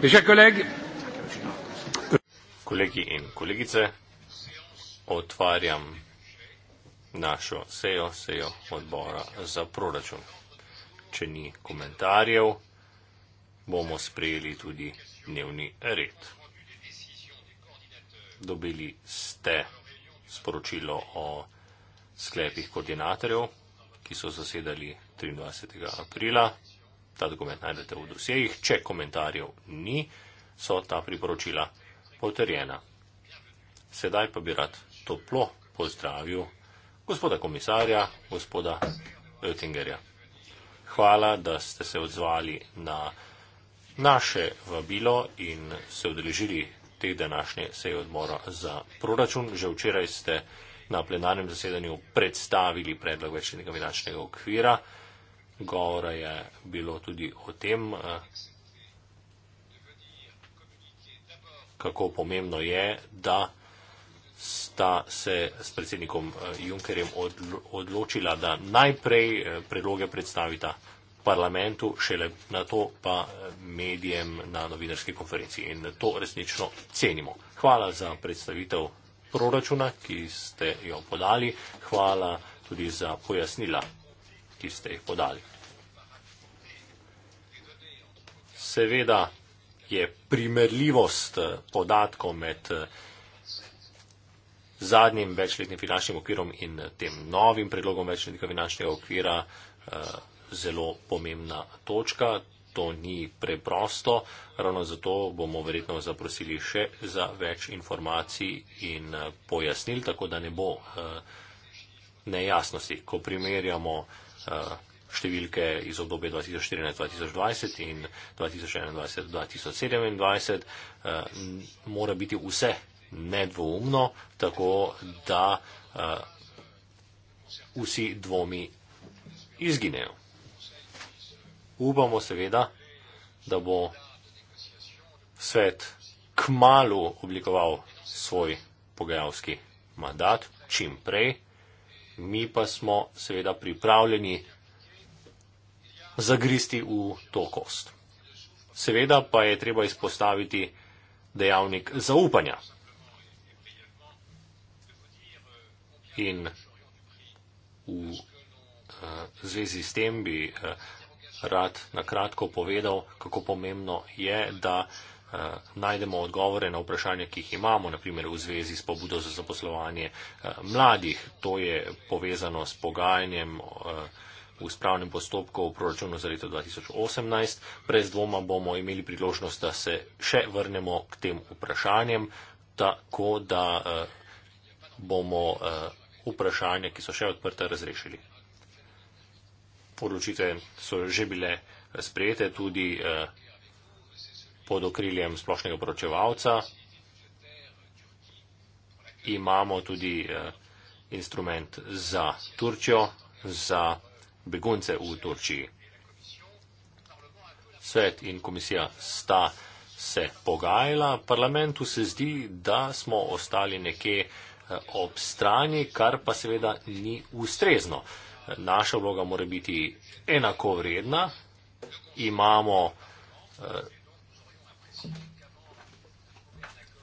Mes chers collègues, kolegi in kolegice, otvarjam našo sejo, sejo odbora za proračun. Če ni komentarjev, bomo sprejeli tudi dnevni red. Dobili ste sporočilo o sklepih koordinatorjev, ki so zasedali 23. aprila. Ta dokument najdete v dosjejih. Če komentarjev ni, so ta priporočila potrjena. Sedaj pa bi rad toplo pozdravil gospoda komisarja, gospoda Oettingerja. Hvala, da ste se odzvali na naše vabilo in se odeležili te današnje seje odmora za proračun. Že včeraj ste na plenarnem zasedanju predstavili predlog večnega finančnega okvira. Govora je bilo tudi o tem, eh, kako pomembno je, da sta se s predsednikom eh, Junckerjem odločila, da najprej eh, predloge predstavita parlamentu, šele na to pa medijem na novinarski konferenci. In to resnično cenimo. Hvala za predstavitev proračuna, ki ste jo podali. Hvala tudi za pojasnila, ki ste jih podali. Seveda je primerljivost eh, podatkov med eh, zadnjim večletnim finančnim okvirom in eh, tem novim predlogom večletnega finančnega okvira zelo pomembna točka to ni preprosto. Ravno zato bomo verjetno zaprosili še za več informacij in eh, pojasnil, tako da ne bo eh, nejasnosti. Ko primerjamo eh, številke iz obdobja 2014-2020 in 2021-2027, mora biti vse nedvoumno, tako da vsi dvomi izginejo. Upamo seveda, da bo svet kmalo oblikoval svoj pogajalski mandat, čim prej. Mi pa smo seveda pripravljeni zagristi v to kost. Seveda pa je treba izpostaviti dejavnik zaupanja. In v uh, zvezi s tem bi uh, rad na kratko povedal, kako pomembno je, da eh, najdemo odgovore na vprašanja, ki jih imamo, naprimer v zvezi s pobudo za zaposlovanje eh, mladih. To je povezano s pogajanjem eh, v spravnem postopku v proračunu za leto 2018. Brez dvoma bomo imeli priložnost, da se še vrnemo k tem vprašanjem, tako da bomo vprašanja, ki so še odprta, razrešili odločitve so že bile sprejete tudi eh, pod okriljem splošnega poročevalca. Imamo tudi eh, instrument za Turčjo, za begunce v Turčiji. Svet in komisija sta se pogajala. Parlamentu se zdi, da smo ostali nekje eh, ob strani, kar pa seveda ni ustrezno naša vloga mora biti enako vredna, imamo eh,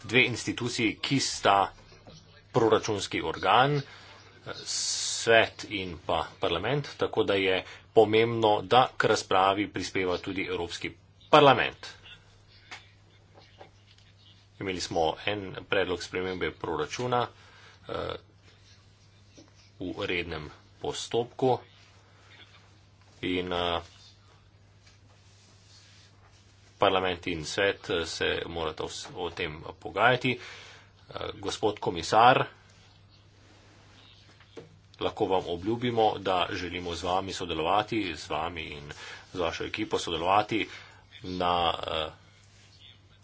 dve instituciji, ki sta proračunski organ, eh, svet in pa parlament, tako da je pomembno, da k razpravi prispeva tudi Evropski parlament. Imeli smo en predlog spremembe proračuna eh, v rednem postopku in eh, parlament in svet eh, se morata o tem pogajati. Eh, gospod komisar, lahko vam obljubimo, da želimo z vami sodelovati, z vami in z vašo ekipo sodelovati na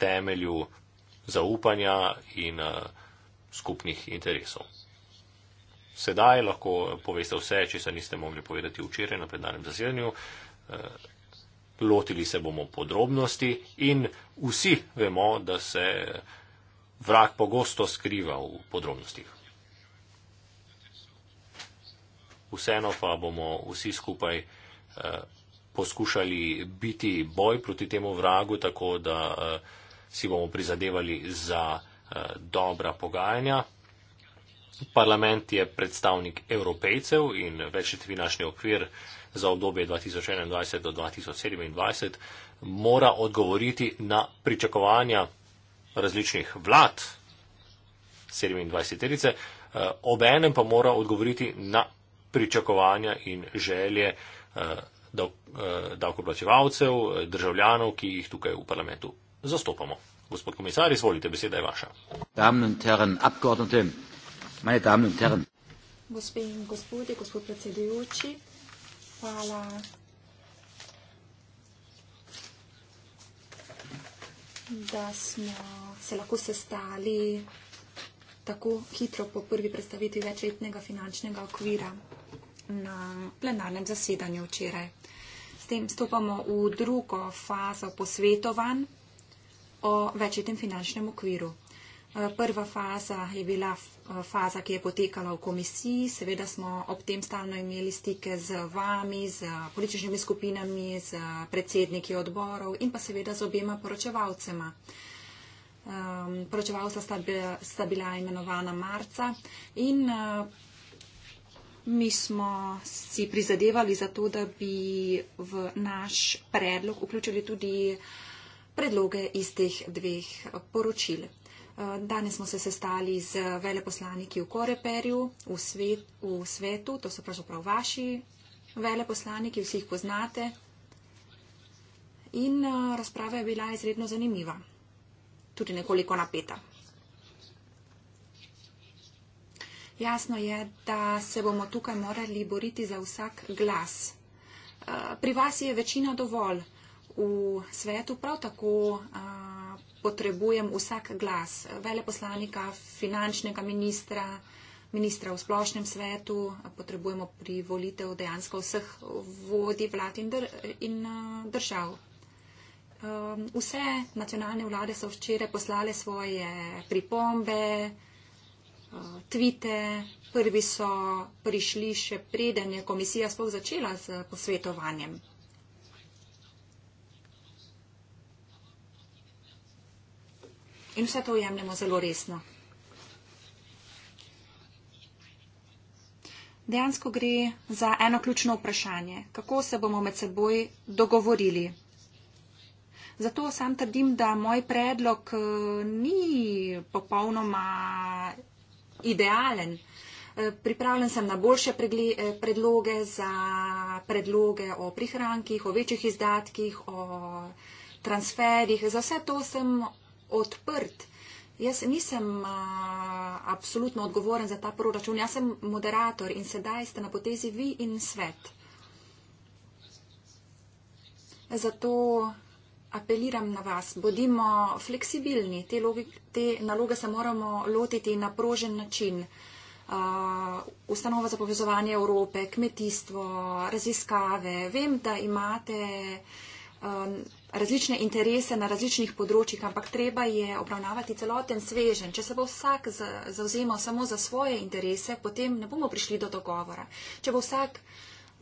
temelju zaupanja in skupnih interesov sedaj lahko poveste vse, če se niste mogli povedati včeraj na plenarnem zasedanju. Eh, lotili se bomo podrobnosti in vsi vemo, da se vrak pogosto skriva v podrobnostih. Vseeno pa bomo vsi skupaj eh, poskušali biti boj proti temu vragu, tako da eh, si bomo prizadevali za dobra pogajanja. Parlament je predstavnik evropejcev in večletni finančni okvir za obdobje 2021 do 2027 mora odgovoriti na pričakovanja različnih vlad 27-terice, eh, ob enem pa mora odgovoriti na pričakovanja in želje eh, eh, davkoplačevalcev, državljanov, ki jih tukaj v parlamentu zastopamo. Gospod komisar, izvolite, beseda je vaša. Gospe in gospodje, gospod predsedujoči, hvala da smo se lahko sestali tako hitro po prvi predstavitvi večletnega finančnega okvira na plenarnem zasedanju včeraj. S tem stopamo v drugo fazo posvetovanj o večletnem finančnem okviru. Prva faza je bila eh, faza, ki je potekala v komisiji. Seveda smo ob tem stalno imeli stike z vami, z političnimi skupinami, z predsedniki odborov in pa seveda z obema poročevalcema. Ehm, poročevalca sta bila imenovana marca in eh, mi smo si prizadevali za to, da bi v naš predlog vključili tudi predloge iz teh dveh poročil. Eh, danes smo se sestali z veleposlaniki v Koreperju, v, svet, v svetu, to so pravzaprav vaši veleposlaniki, vsi jih poznate. In eh, razprava je bila izredno zanimiva, tudi nekoliko napeta. Jasno je, da se bomo tukaj morali boriti za vsak glas. Eh, pri vas je večina dovolj v svetu, prav tako potrebujem vsak glas veleposlanika, finančnega ministra, ministra v splošnem svetu, potrebujemo pri volitev dejansko vseh vodij vlad in, dr in eh, držav. Ehm, vse nacionalne vlade so včeraj poslale svoje pripombe, eh, tvite, prvi so prišli še preden je komisija sploh začela s posvetovanjem. in vse to jemljemo zelo resno. Dejansko gre za eno ključno vprašanje, kako se bomo med seboj dogovorili. Zato sam trdim, da moj predlog eh, ni popolnoma idealen. Eh, pripravljen sem na boljše eh, predloge za predloge o prihrankih, o večjih izdatkih, o transferih. Za vse to sem odprt. Jaz nisem a, absolutno odgovoren za ta proračun, jaz sem moderator in sedaj ste na potezi vi in svet. Zato apeliram na vas, bodimo fleksibilni, te, logik, te naloge se moramo lotiti na prožen način. Uh, ustanova za povezovanje Evrope, kmetijstvo, raziskave. Vem, da imate um, različne interese na različnih področjih, ampak treba je obravnavati celoten svežen. Če se bo vsak zauzemal samo za svoje interese, potem ne bomo prišli do dogovora. Če bo vsak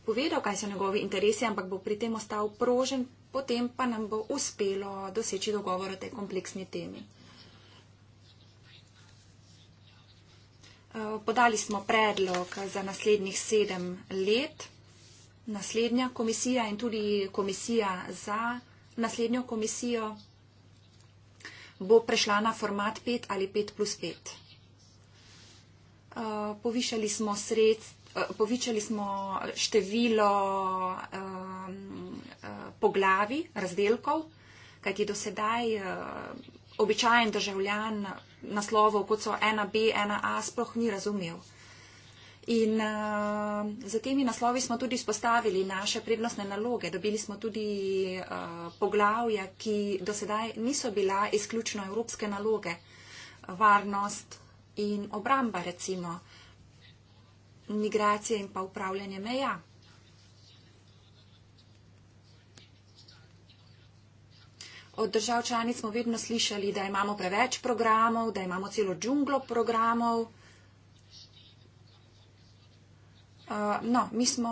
povedal, kaj so njegovi interesi, ampak bo pri tem ostal prožen, potem pa nam bo uspelo doseči dogovor o tej kompleksni temi. Eh, podali smo predlog za naslednjih sedem let. Naslednja komisija in tudi komisija za naslednjo komisijo bo prešla na format 5 ali 5 plus 5. Eh, povišali smo, sred, eh, povišali smo število eh, poglavi razdelkov, kajti do sedaj običajen državljan naslovov, kot so 1B, 1A, sploh ni razumel. In uh, eh, za temi naslovi smo tudi spostavili naše prednostne naloge. Dobili smo tudi uh, poglavja, ki do sedaj niso bila izključno evropske naloge. Varnost in obramba, recimo. Migracije in pa upravljanje meja. Od držav članic smo vedno slišali, da imamo preveč programov, da imamo celo džunglo programov. Eh, no, mi smo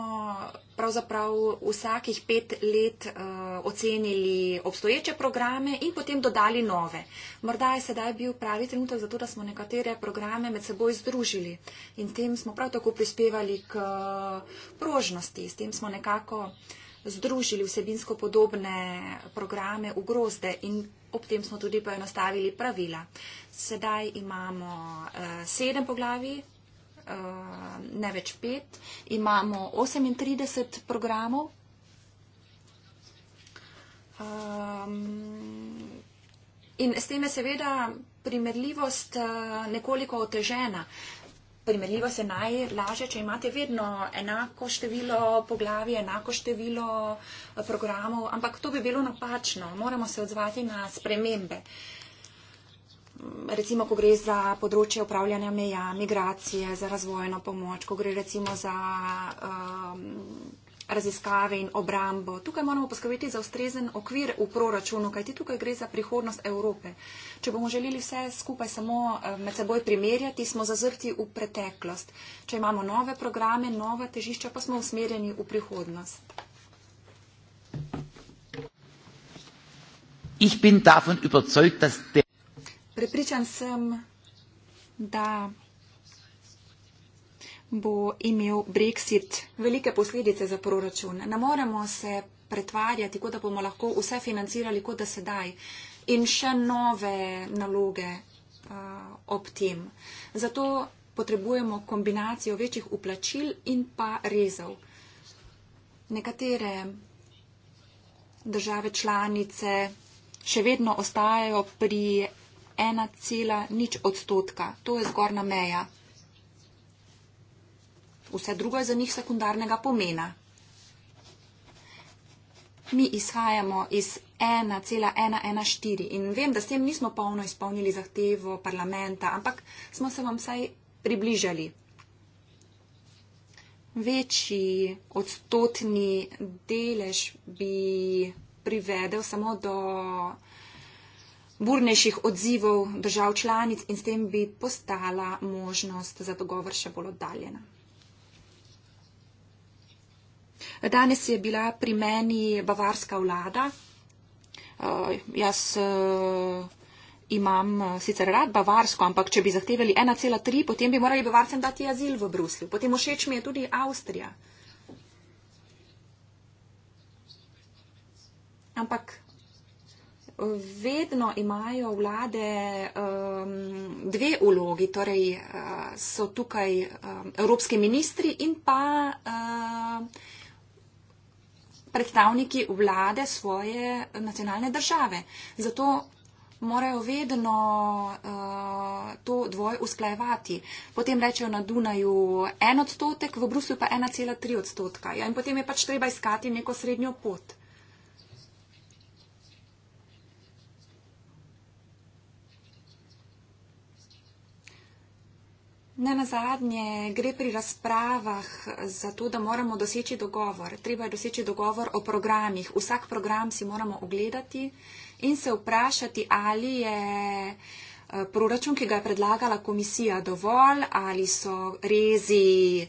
pravzaprav vsakih pet let uh, ocenili obstoječe programe in potem dodali nove. Morda je sedaj bil pravi trenutek za to, da smo nekatere programe med seboj združili in tem smo prav tako prispevali k eh, prožnosti. S tem smo nekako združili vsebinsko podobne programe v grozde in ob tem smo tudi poenostavili pravila. Sedaj imamo uh, sedem poglavi Eh, ne več pet. Imamo 38 programov. Ehm, in s tem je seveda primerljivost eh, nekoliko otežena. Primerljivo se najlažje, če imate vedno enako število poglavij, enako število eh, programov, ampak to bi bilo napačno. Moramo se odzvati na spremembe. Uh, recimo, ko gre za področje upravljanja meja, migracije, za razvojno pomoč, ko gre recimo za um, raziskave in obrambo. Tukaj moramo poskrbeti za ustrezen okvir v proračunu, kajti tukaj gre za prihodnost Evrope. Če bomo želeli vse skupaj samo eh, med seboj primerjati, smo zazrti v preteklost. Če imamo nove programe, nova težišča, pa smo usmerjeni v prihodnost. Ich bin davon überzeugt, dass der Prepričan sem, da bo imel Brexit velike posledice za proračun. Ne moremo se pretvarjati, kot da bomo lahko vse financirali, kot da sedaj in še nove naloge uh, ob tem. Zato potrebujemo kombinacijo večjih uplačil in pa rezov. Nekatere države članice še vedno ostajajo pri 1,0 odstotka. To je zgorna meja. Vse drugo je za njih sekundarnega pomena. Mi izhajamo iz 1,114 in vem, da s tem nismo polno izpolnili zahtevo parlamenta, ampak smo se vam vsaj približali. Večji odstotni delež bi privedel samo do burnejših odzivov držav članic in s tem bi postala možnost za dogovor še bolj oddaljena. Danes je bila pri meni bavarska vlada. Eh, jaz eh, imam eh, sicer rad bavarsko, ampak če bi zahtevali 1,3, potem bi morali bavarcem dati azil v Bruslju. Potem všeč mi je tudi Avstrija. Ampak vedno imajo vlade um, dve ulogi. Torej uh, so tukaj um, evropski ministri in pa uh, predstavniki vlade svoje nacionalne države. Zato morajo vedno uh, to dvoj usklajevati. Potem rečejo na Dunaju en odstotek, v Bruslju pa 1,3 odstotka. Ja, in potem je pač treba iskati neko srednjo pot. Uh, Ne na zadnje, gre pri razpravah za to, da moramo doseči dogovor. Treba je doseči dogovor o programih. Vsak program si moramo ogledati in se vprašati, ali je eh, proračun, ki ga je predlagala komisija, dovolj, ali so rezi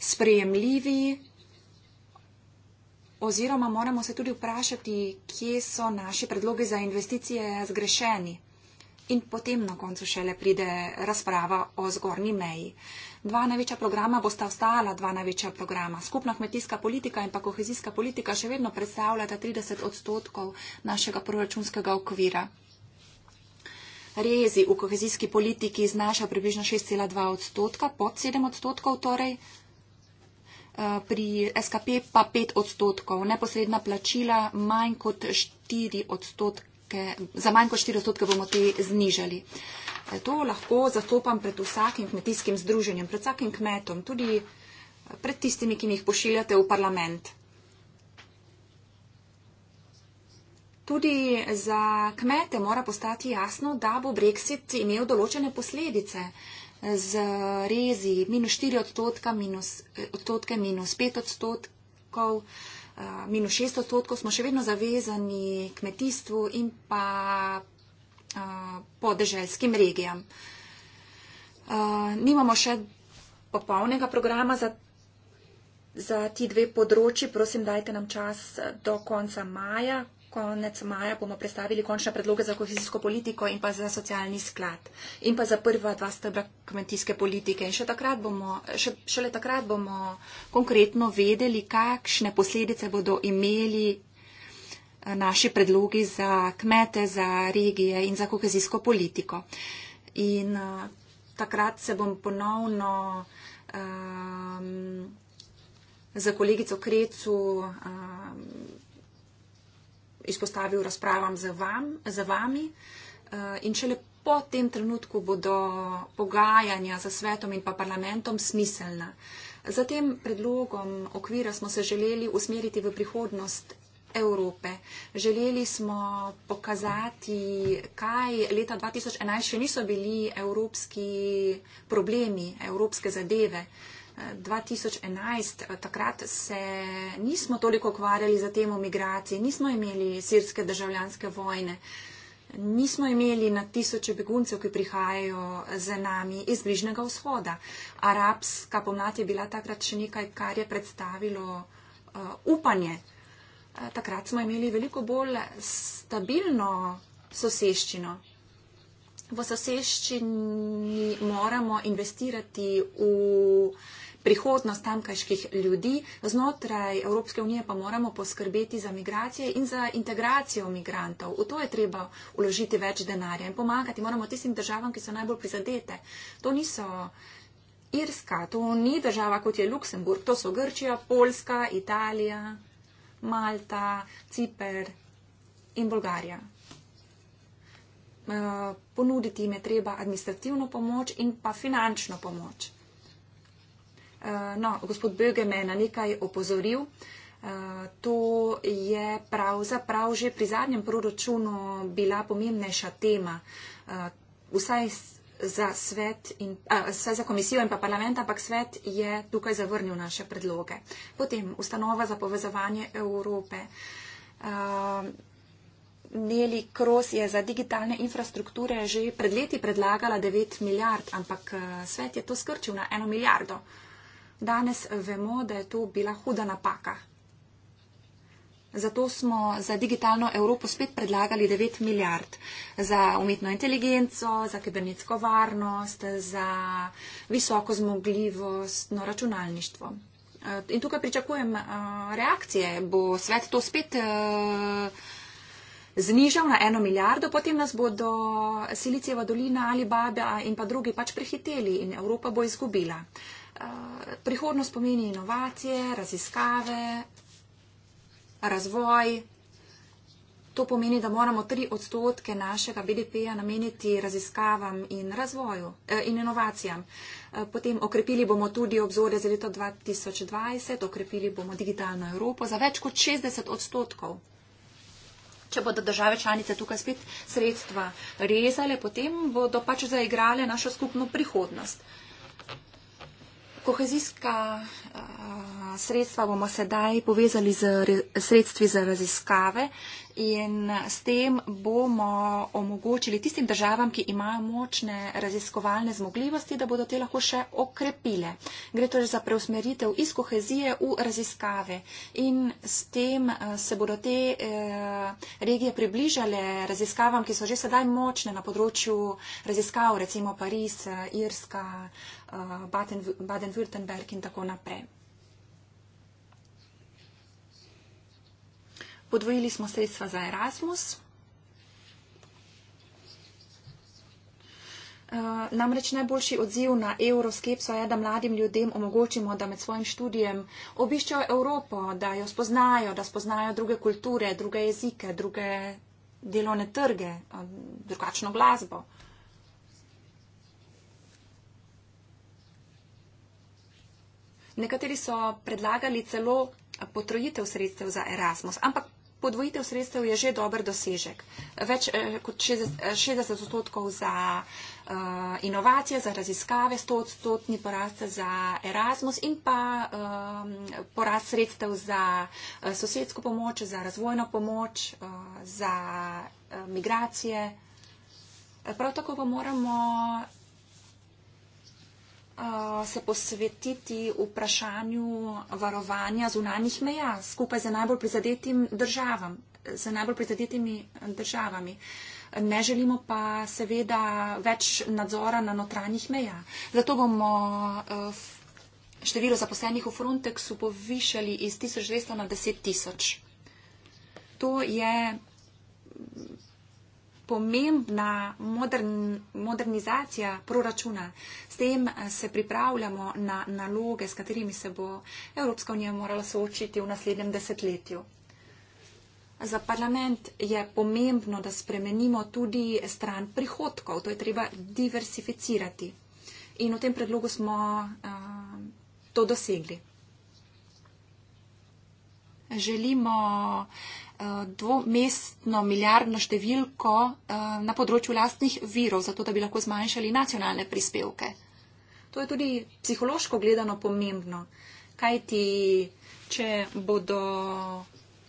sprejemljivi. Oziroma moramo se tudi vprašati, kje so naše predloge za investicije zgrešeni in potem na koncu šele pride razprava o zgornji meji. Dva največja programa bosta ostala, dva največja programa. Skupna kmetijska politika in pa kohezijska politika še vedno predstavljata 30 odstotkov našega proračunskega okvira. Rezi v kohezijski politiki znaša približno 6,2 odstotka, pod 7 odstotkov torej, eh, pri SKP pa 5 odstotkov. Neposredna plačila manj kot 4 odstotka odstotke, za manj kot 4 odstotke bomo te znižali. E, to lahko zastopam pred vsakim kmetijskim združenjem, pred vsakim kmetom, tudi e, pred tistimi, ki mi jih pošiljate v parlament. Tudi za kmete mora postati jasno, da bo Brexit imel določene posledice e, z rezi minus 4 odstotka, minus, odstotke, minus 5 odstotkov. Eh, minus šest odstotkov, smo še vedno zavezani kmetijstvu in pa eh, podeželskim regijam. Eh, nimamo še popolnega programa za, za ti dve področji. Prosim, dajte nam čas do konca maja, konec maja bomo predstavili končne predloge za kohezijsko politiko in pa za socialni sklad in pa za prva dva stebra kmetijske politike. In še takrat bomo, še, šele takrat bomo konkretno vedeli, kakšne posledice bodo imeli eh, naši predlogi za kmete, za regije in za kohezijsko politiko. In uh, takrat se bom ponovno um, ehm, za kolegico Krecu um, izpostavil razpravam za, vam, za vami. Eh, in če le po tem trenutku bodo pogajanja za svetom in pa parlamentom smiselna. Za tem predlogom okvira smo se želeli usmeriti v prihodnost Evrope. Želeli smo pokazati, kaj leta 2011 še niso bili evropski problemi, evropske zadeve. Uh, 2011, eh, eh, takrat se nismo toliko ukvarjali za temo migracije, nismo imeli sirske državljanske vojne, nismo imeli na tisoče beguncev, ki prihajajo za nami iz Bližnjega vzhoda. Arabska pomlad je bila takrat še nekaj, kar je predstavilo eh, upanje. Takrat smo imeli veliko bolj stabilno soseščino. V soseščini moramo investirati v prihodnost tamkajških ljudi. Znotraj Evropske unije pa moramo poskrbeti za migracije in za integracijo migrantov. V to je treba uložiti več denarja in pomagati. Moramo tistim državam, ki so najbolj prizadete. To niso Irska, to ni država kot je Luksemburg, to so Grčija, Poljska, Italija, Malta, Ciper in Bolgarija. Eh, ponuditi jim je treba administrativno pomoč in pa finančno pomoč. Eh, no, gospod Böge me je na nekaj opozoril. Eh, to je pravzaprav že pri zadnjem proračunu bila pomembnejša tema, eh, vsaj za, in, a, vsaj za komisijo in pa parlament, ampak svet je tukaj zavrnil naše predloge. Potem ustanova za povezovanje Evrope. Neli Kros je za digitalne infrastrukture že pred leti predlagala 9 milijard, ampak svet je to skrčil na 1 milijardo. Danes vemo, da je to bila huda napaka. Zato smo za digitalno Evropo spet predlagali 9 milijard za umetno inteligenco, za kibernetsko varnost, za visoko zmogljivostno računalništvo. In tukaj pričakujem eh, reakcije. Bo svet to spet eh, znižal na eno milijardo, potem nas bodo Silicijeva dolina ali Baba in pa drugi pač prehiteli in Evropa bo izgubila prihodnost pomeni inovacije, raziskave, razvoj. To pomeni, da moramo tri odstotke našega BDP-ja nameniti raziskavam in razvoju eh, in inovacijam. Eh, potem okrepili bomo tudi obzore za leto 2020, okrepili bomo digitalno Evropo za več kot 60 odstotkov. Če bodo države članice tukaj spet sredstva rezale, potem bodo pač zaigrale našo skupno prihodnost. Eh, kohezijska Eh, sredstva bomo sedaj povezali z sredstvi za raziskave in s tem bomo omogočili tistim državam, ki imajo močne raziskovalne zmogljivosti, da bodo te lahko še okrepile. Gre torej za preusmeritev iz kohezije v raziskave in s tem eh, se bodo te eh, regije približale raziskavam, ki so že sedaj močne na področju raziskav, recimo Pariz, Irska, Baden-Württemberg in tako naprej. Podvojili smo sredstva za Erasmus. Eh, namreč najboljši odziv na euroskepso je, da mladim ljudem omogočimo, da med svojim študijem obiščajo Evropo, da jo spoznajo, da spoznajo druge kulture, druge jezike, druge delovne trge, eh, drugačno glasbo. Nekateri so predlagali celo potrojitev sredstev za Erasmus, ampak podvojitev sredstev je že dober dosežek. Več eh, kot 60 eh, odstotkov za eh, inovacije, za raziskave, 100 odstotni porast za Erasmus in pa porast sredstev za sosedsko pomoč, za razvojno pomoč, za migracije. Prav tako pa moramo se posvetiti vprašanju varovanja zunanjih meja skupaj z najbolj prizadetim državam, z najbolj prizadetimi državami. Ne želimo pa seveda več nadzora na notranjih meja. Zato bomo e, število zaposlenih v Frontexu povišali iz 1200 na 10 tisoč. To je pomembna modern, modernizacija proračuna. S tem eh, se pripravljamo na naloge, s katerimi se bo Evropska unija morala soočiti v naslednjem desetletju. Za parlament je pomembno, da spremenimo tudi stran prihodkov. To je treba diversificirati. In v tem predlogu smo uh, to dosegli. Želimo Eh, dvomestno milijardno številko eh, na področju lastnih virov, zato da bi lahko zmanjšali nacionalne prispevke. To je tudi psihološko gledano pomembno, kajti če bodo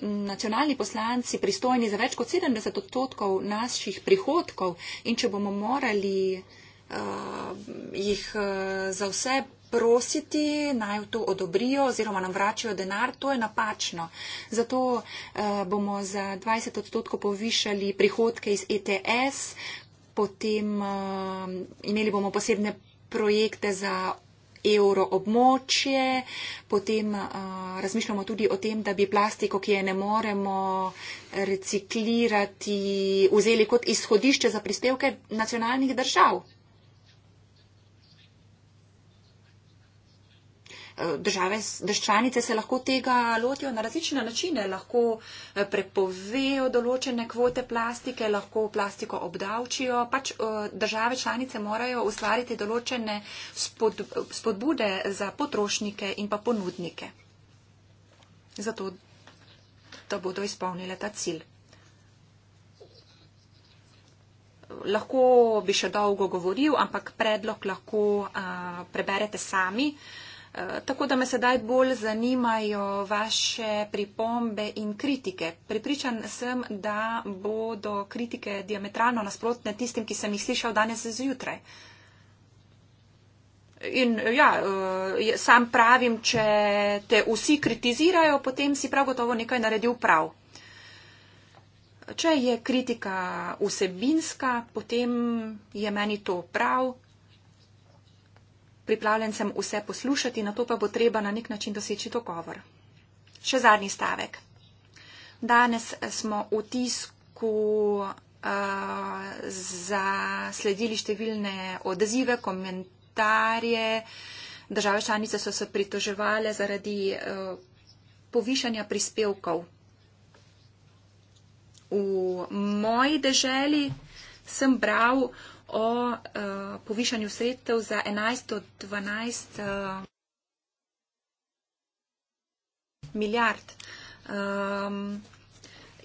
nacionalni poslanci pristojni za več kot 70 odstotkov naših prihodkov in če bomo morali uh, jih uh, za vse prositi, naj to odobrijo oziroma nam vračajo denar, to je napačno. Zato eh, bomo za 20 odstotkov povišali prihodke iz ETS, potem eh, imeli bomo posebne projekte za evro območje, potem uh, razmišljamo tudi o tem, da bi plastiko, ki je ne moremo reciklirati, vzeli kot izhodišče za prispevke nacionalnih držav. Eh, države, državčanice se lahko tega lotijo na različne načine. Lahko eh, prepovejo določene kvote plastike, lahko plastiko obdavčijo. Pač eh, države članice morajo ustvariti določene spod, spodbude za potrošnike in pa ponudnike. Zato, da bodo izpolnile ta cilj. Lahko bi še dolgo govoril, ampak predlog lahko a, preberete sami. A, Eh, tako da me sedaj bolj zanimajo vaše pripombe in kritike. Pripričan sem, da bodo kritike diametralno nasprotne tistim, ki sem jih slišal danes zjutraj. In ja, eh, sam pravim, če te vsi kritizirajo, potem si prav gotovo nekaj naredil prav. Če je kritika vsebinska, potem je meni to prav, pripravljencem vse poslušati, na to pa bo treba na nek način doseči dogovor. Še zadnji stavek. Danes eh, smo v tisku uh, zasledili številne odzive, komentarje. Države članice so se pritoževale zaradi uh, povišanja prispevkov. V moji deželi sem bral o uh, povišanju sredstev za 11 do 12 uh, eh, milijard. Um,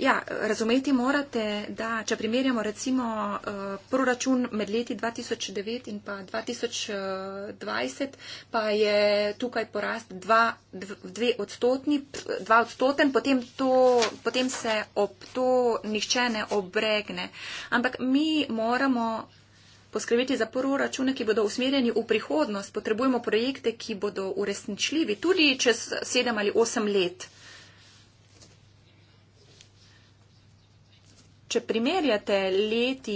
Ja, razumeti morate, da če primerjamo recimo eh, proračun med leti 2009 in pa 2020, eh, pa je tukaj porast 2 odstotni, 2 odstoten, potem, to, potem se ob to nihče ne obregne. Ampak mi moramo poskrbeti za proračune, ki bodo usmerjeni v prihodnost, potrebujemo projekte, ki bodo uresničljivi tudi čez 7 ali 8 let. če primerjate leti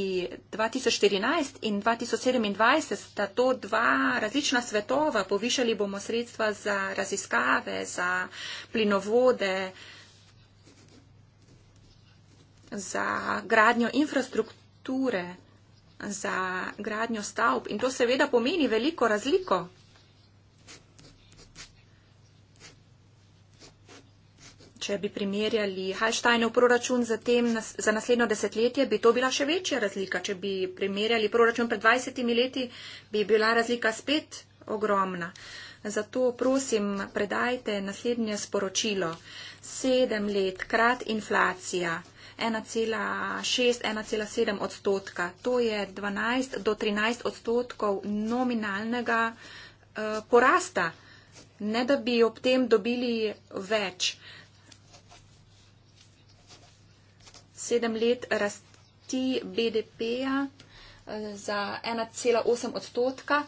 2014 in 2027, sta to dva različna svetova. Povišali bomo sredstva za raziskave, za plinovode, za gradnjo infrastrukture, za gradnjo stavb. In to seveda pomeni veliko razliko. če bi primerjali Halštajnov proračun za, tem, za naslednjo desetletje, bi to bila še večja razlika. Če bi primerjali proračun pred 20 leti, bi bila razlika spet ogromna. Zato prosim, predajte naslednje sporočilo. Sedem let krat inflacija 1,6-1,7 odstotka. To je 12 do 13 odstotkov nominalnega uh, porasta. Ne da bi ob tem dobili več. sedem let rasti BDP-ja eh, za 1,8 odstotka.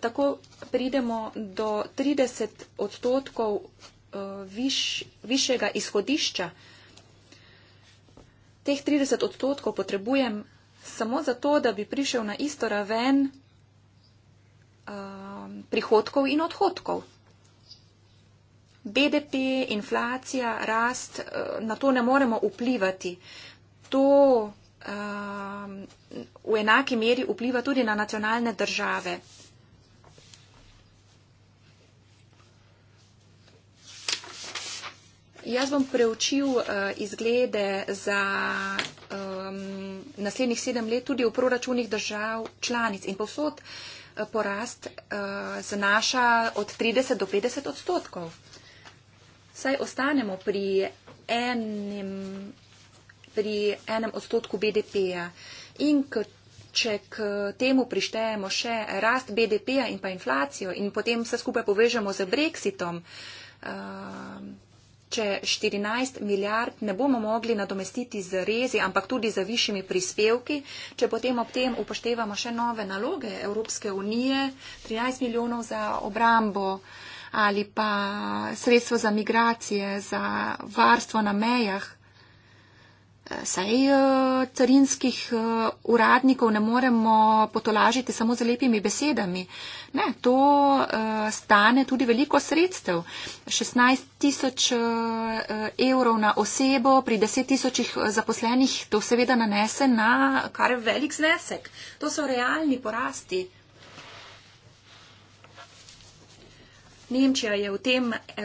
Tako pridemo do 30 odstotkov eh, viš, višjega izhodišča. Teh 30 odstotkov potrebujem samo zato, da bi prišel na isto raven um, prihodkov in odhodkov. BDP, inflacija, rast, na to ne moremo vplivati. Uh, to um, v enaki meri vpliva tudi na nacionalne države. Jaz bom preučil uh, izglede za um, naslednjih sedem let tudi v proračunih držav članic in povsod uh, porast uh, znaša od 30 do 50 odstotkov. Saj ostanemo pri enem pri enem odstotku BDP-ja. In k, če k temu prištejemo še rast BDP-ja in pa inflacijo in potem vse skupaj povežemo z Brexitom, ehm, če 14 milijard ne bomo mogli nadomestiti z rezi, ampak tudi z višjimi prispevki, če potem ob tem upoštevamo še nove naloge Evropske unije, 13 milijonov za obrambo ali pa sredstvo za migracije, za varstvo na mejah, Saj eh, carinskih eh, uradnikov ne moremo potolažiti samo z lepimi besedami. Ne, to eh, stane tudi veliko sredstev. 16 tisoč evrov na osebo pri 10 tisočih zaposlenih to seveda nanese na kar velik znesek. To so realni porasti. Nemčija je v tem eh,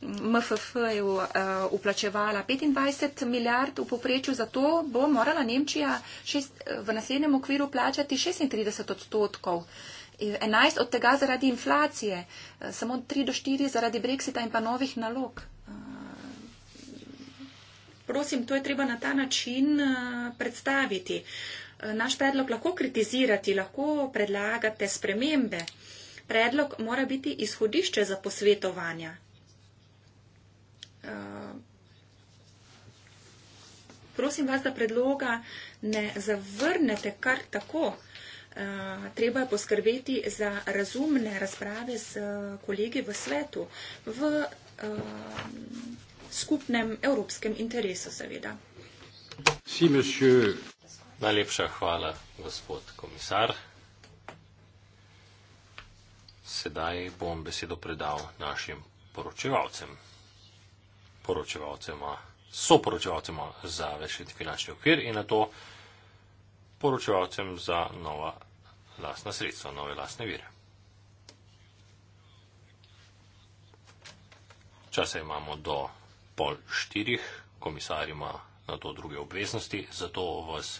MFF-ju eh, uplačevala 25 milijard v poprečju, zato bo morala Nemčija šest, v naslednjem okviru plačati 36 odstotkov. 11 eh, od tega zaradi inflacije, eh, samo 3 do 4 zaradi brexita in pa novih nalog. Eh, prosim, to je treba na ta način predstaviti. Naš predlog lahko kritizirati, lahko predlagate spremembe predlog mora biti izhodišče za posvetovanja. Eh, prosim vas, da predloga ne zavrnete kar tako. Eh, treba je poskrbeti za razumne razprave z eh, kolegi v svetu, v skupnem evropskem interesu, seveda. Si, Najlepša hvala, gospod komisar. Sedaj bom besedo predal našim poročevalcem. Poročevalcema, soporočevalcema za večletni finančni okvir in na to poročevalcem za nova lasna sredstva, nove lasne vire. Časa imamo do pol štirih, komisar ima na to druge obveznosti, zato vas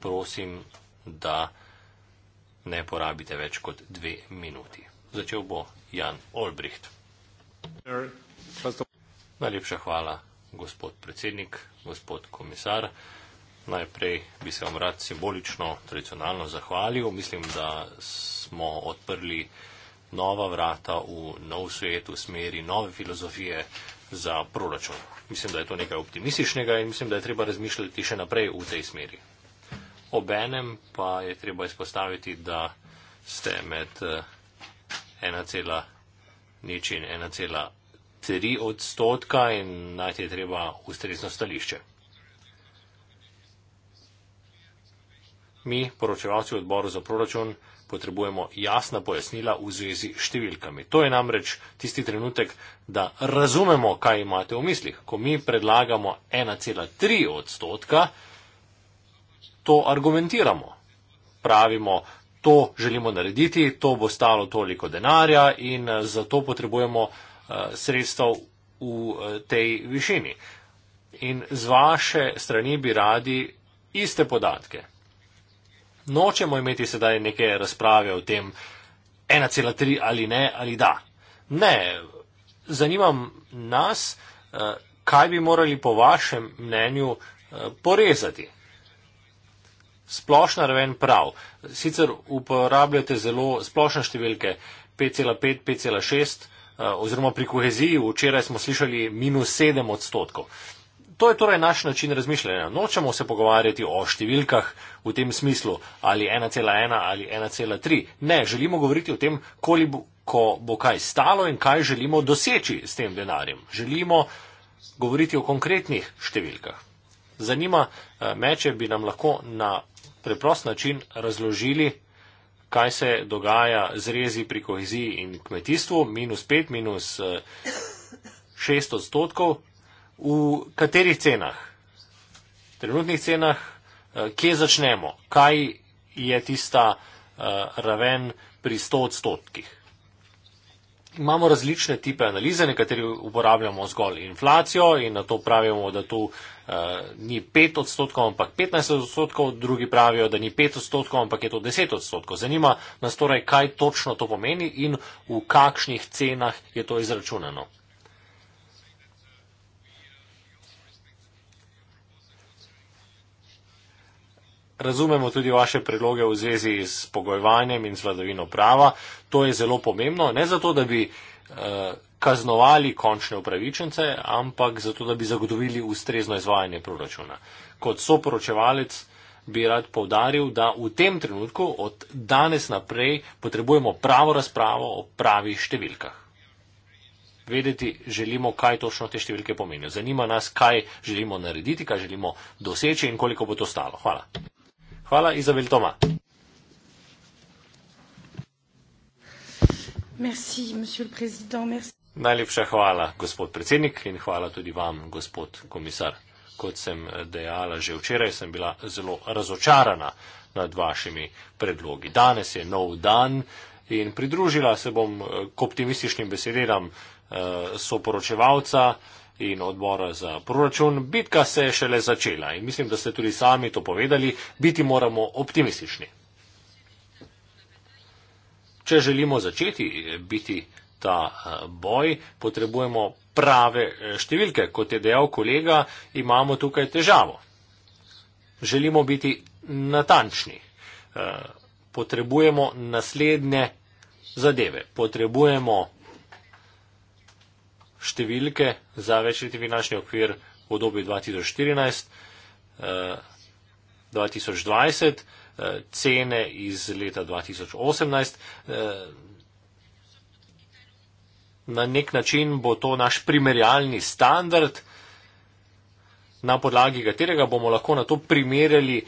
prosim, da ne porabite več kot dve minuti. Začel bo Jan Olbricht. Najlepša hvala, gospod predsednik, gospod komisar. Najprej bi se vam rad simbolično, tradicionalno zahvalil. Mislim, da smo odprli nova vrata v nov svet v smeri nove filozofije za proračun. Mislim, da je to nekaj optimističnega in mislim, da je treba razmišljati še naprej v tej smeri. Obenem pa je treba izpostaviti, da ste med eh, 1,3 odstotka in najti je treba ustrezno stališče. Mi, poročevalci v odboru za proračun, potrebujemo jasna pojasnila v zvezi s številkami. To je namreč tisti trenutek, da razumemo, kaj imate v mislih. Ko mi predlagamo 1,3 odstotka, to argumentiramo. Pravimo, to želimo narediti, to bo stalo toliko denarja in eh, zato potrebujemo eh, sredstva v eh, tej višini. In z vaše strani bi radi iste podatke. Nočemo imeti sedaj neke razprave o tem 1,3 ali ne ali da. Ne, zanimam nas, kaj bi morali po vašem mnenju porezati splošna raven prav. Sicer uporabljate zelo splošne številke 5,5, 5,6 eh, oziroma pri koheziji včeraj smo slišali minus 7 odstotkov. To je torej naš način razmišljanja. Nočemo se pogovarjati o številkah v tem smislu ali 1,1 ali 1,3. Ne, želimo govoriti o tem, koliko bo kaj stalo in kaj želimo doseči s tem denarjem. Želimo govoriti o konkretnih številkah. Zanima eh, me, če bi nam lahko na preprost način razložili, kaj se dogaja z rezi pri koheziji in kmetijstvu, minus pet, minus eh, šest odstotkov, v katerih cenah, trenutnih cenah, eh, kje začnemo, kaj je tista eh, raven pri sto odstotkih imamo različne tipe analize, nekateri uporabljamo zgolj inflacijo in na to pravimo, da tu uh, eh, ni 5 odstotkov, ampak 15 odstotkov, drugi pravijo, da ni 5 odstotkov, ampak je to 10 odstotkov. Zanima nas torej, kaj točno to pomeni in v kakšnih cenah je to izračunano. Razumemo tudi vaše predloge v zvezi s pogojevanjem in z vladovino prava. To je zelo pomembno, ne zato, da bi eh, kaznovali končne upravičence, ampak zato, da bi zagotovili ustrezno izvajanje proračuna. Kot soporočevalec bi rad povdaril, da v tem trenutku od danes naprej potrebujemo pravo razpravo o pravih številkah. Vedeti želimo, kaj točno te številke pomenijo. Zanima nas, kaj želimo narediti, kaj želimo doseči in koliko bo to stalo. Hvala. Hvala, Izabel Toma. Merci, Najlepša hvala, gospod predsednik, in hvala tudi vam, gospod komisar. Kot sem dejala že včeraj, sem bila zelo razočarana nad vašimi predlogi. Danes je nov dan in pridružila se bom k optimističnim besedam eh, soporočevalca in odbora za proračun. Bitka se je šele začela in mislim, da ste tudi sami to povedali, biti moramo optimistični. Če želimo začeti eh, biti ta eh, boj, potrebujemo prave eh, številke. Kot je dejal kolega, imamo tukaj težavo. Želimo biti natančni. Potrebujemo naslednje zadeve. Potrebujemo številke za večletni finančni okvir v dobi 2014-2020, eh, eh, cene iz leta 2018. Eh, na nek način bo to naš primerjalni standard, na podlagi katerega bomo lahko na to primerjali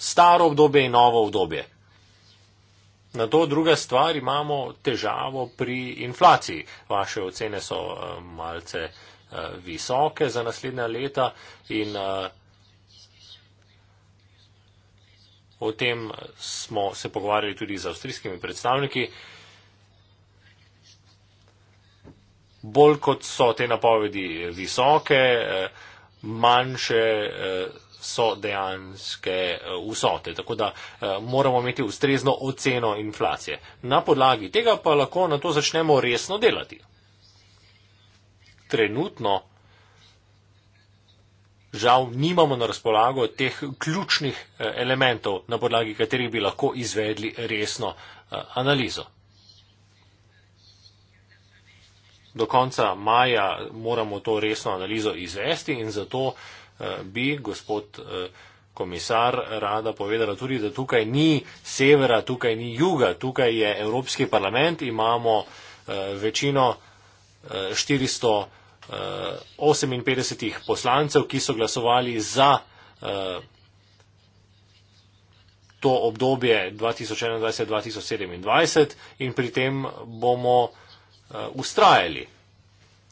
staro obdobje in novo obdobje. Na to druga stvar imamo težavo pri inflaciji. Vaše ocene so eh, malce eh, visoke za naslednja leta in eh, o tem smo se pogovarjali tudi z avstrijskimi predstavniki. Bolj kot so te napovedi visoke, manjše so dejanske eh, vsote, tako da eh, moramo imeti ustrezno oceno inflacije. Na podlagi tega pa lahko na to začnemo resno delati. Trenutno žal nimamo na razpolago teh ključnih eh, elementov, na podlagi katerih bi lahko izvedli resno analizo. Do konca maja moramo to resno analizo izvesti in zato uh, bi gospod eh, komisar rada povedala tudi, da tukaj ni severa, tukaj ni juga, tukaj je Evropski parlament, imamo eh, večino 458 eh, poslancev, ki so glasovali za to obdobje 2021-2027 in pri tem bomo ustrajali.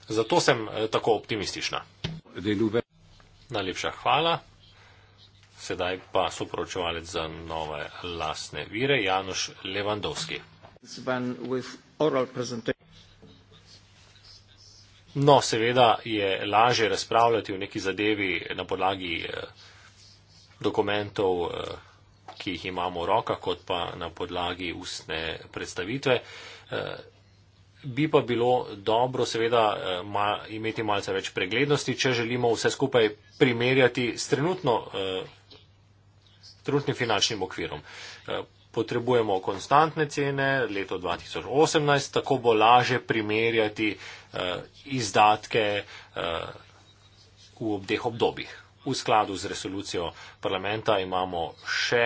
Zato sem tako optimistična. Najlepša hvala. Sedaj pa so poročevalec za nove lasne vire, Janoš Levandovski. No, seveda je lažje razpravljati o neki zadevi na podlagi eh, dokumentov, eh, ki jih imamo v rokah, kot pa na podlagi ustne predstavitve. Eh, bi pa bilo dobro, seveda, imeti malce več preglednosti, če želimo vse skupaj primerjati s trenutno, uh, trenutnim finančnim okvirom. Uh, potrebujemo konstantne cene, leto 2018, tako bo laže primerjati uh, izdatke uh, v obdeh obdobjih. V skladu z resolucijo parlamenta imamo še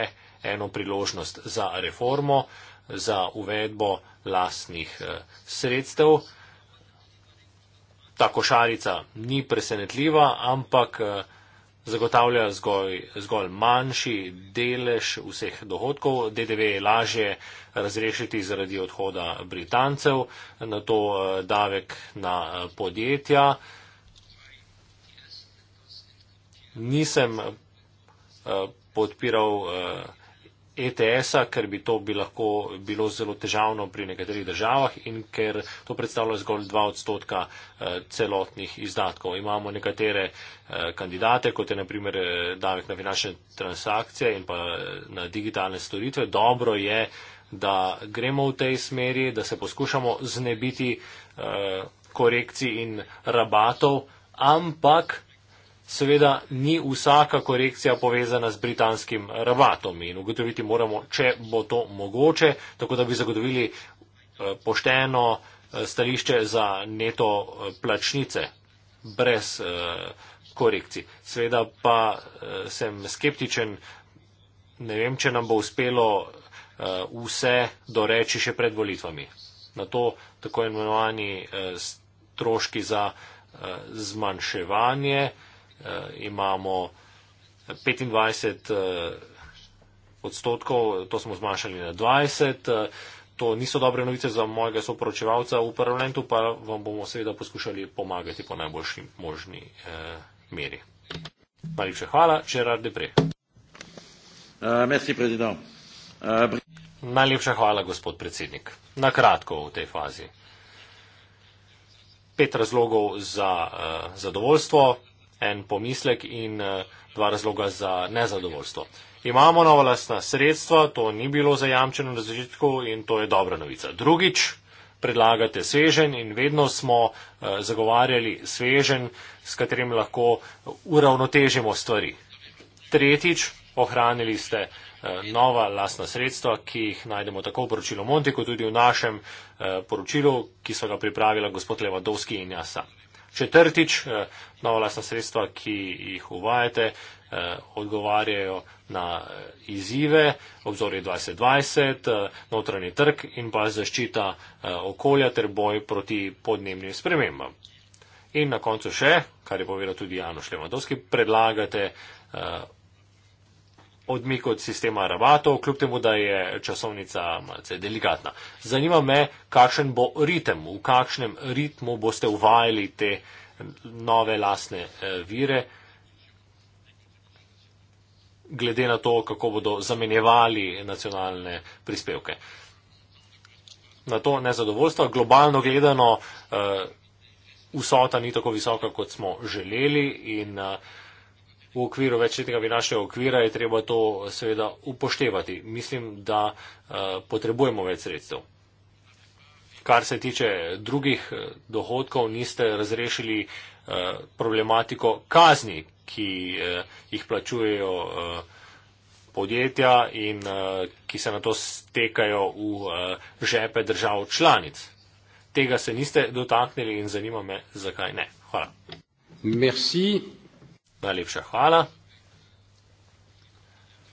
eno priložnost za reformo, za uvedbo lastnih uh, sredstev. Uh, ta košarica ni presenetljiva, ampak eh, zagotavlja zgolj, zgolj manjši delež vseh dohodkov. DDV je lažje razrešiti zaradi odhoda Britancev, na to eh, davek na eh, podjetja. Nisem podpiral ETS-a, ker bi to bi lahko bilo zelo težavno pri nekaterih državah in ker to predstavlja zgolj 2 odstotka eh, celotnih izdatkov. Imamo nekatere eh, kandidate, kot je naprimer eh, davek na finančne transakcije in pa na digitalne storitve. Dobro je, da gremo v tej smeri, da se poskušamo znebiti korekcij in rabatov, ampak Seveda ni vsaka korekcija povezana z britanskim rabatom in ugotoviti moramo, če bo to mogoče, tako da bi zagotovili eh, pošteno eh, stališče za neto eh, plačnice brez korekcij. Seveda pa sem skeptičen, ne vem, če nam bo uspelo vse doreči še pred volitvami. Na to tako imenovani stroški za zmanjševanje. Eh, imamo 25 eh, eh, odstotkov, to smo zmanjšali na 20. To niso dobre novice za mojega soporočevalca v parlamentu, pa vam bomo seveda poskušali pomagati po najboljši možni eh, meri. Najlepša hvala, Gerard Depre. Uh, uh, Najlepša hvala, gospod predsednik. Na kratko v tej fazi. Pet razlogov za uh, zadovoljstvo en pomislek in eh, dva razloga za nezadovoljstvo. Imamo nova lastna sredstva, to ni bilo zajamčeno na začetku in to je dobra novica. Drugič, predlagate svežen in vedno smo eh, zagovarjali svežen, s katerim lahko uravnotežimo stvari. Tretjič, ohranili ste eh, nova lastna sredstva, ki jih najdemo tako v poročilu Monti, kot tudi v našem poročilu, ki so ga pripravila gospod Levadovski in jaz sam. Četrtič, eh, nova lastna sredstva, ki jih uvajate, eh, odgovarjajo na eh, izzive, obzorje 2020, notranji trg in pa zaščita okolja ter boj proti podnebnim spremembam. In na koncu še, kar je povedal tudi Janoš Levandovski, predlagate odmik od sistema rabatov, kljub temu, da je časovnica malce delikatna. Zanima me, kakšen bo ritem, v kakšnem ritmu boste uvajali te nove lasne eh, vire, glede na to, kako bodo zamenjevali nacionalne prispevke. Na to nezadovoljstvo, globalno gledano, eh, vsota ni tako visoka, kot smo želeli in uh, v okviru večletnega finančnega okvira je treba to seveda upoštevati. Mislim, da eh, potrebujemo več sredstev. Kar se tiče drugih eh, dohodkov, niste razrešili eh, problematiko kazni, ki jih plačujejo podjetja in ki se na to stekajo v žepe držav članic. Tega se niste dotaknili in zanima me, zakaj ne. Hvala. Merci. Najlepša hvala.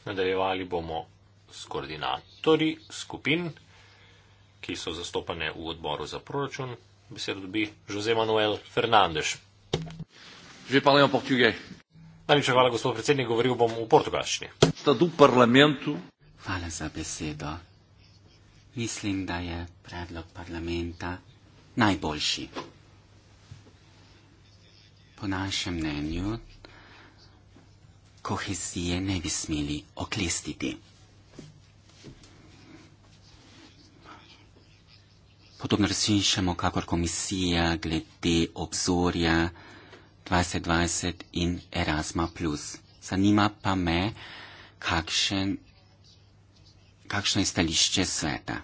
Nadaljevali bomo s koordinatorji skupin, ki so zastopane v odboru za proračun. Besedo dobi Jose Manuel Fernandez. Najlepša hvala, gospod predsednik, govoril bom v portugalščini. Hvala za besedo. Mislim, da je predlog parlamenta najboljši. Po našem mnenju kohezije ne bi smeli oklestiti. Podobno razmišljamo kakor komisija glede obzorja 2020 in Erasma. Zanima pa me, kakšen, kakšno je stališče sveta.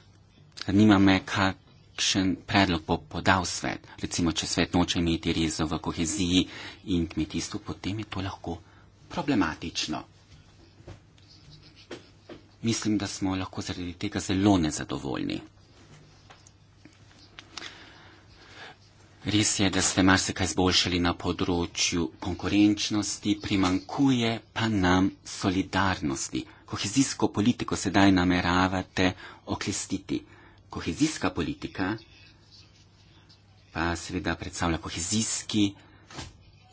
Zanima me, kakšen predlog bo podal svet. Recimo, če svet noče imeti rezo v koheziji in kmetijstvu, potem je to lahko problematično. Mislim, da smo lahko zaradi tega zelo nezadovoljni. Res je, da ste marsikaj zboljšali na področju konkurenčnosti, primankuje pa nam solidarnosti. Kohezijsko politiko sedaj nameravate oklestiti. Kohezijska politika pa seveda predstavlja kohezijski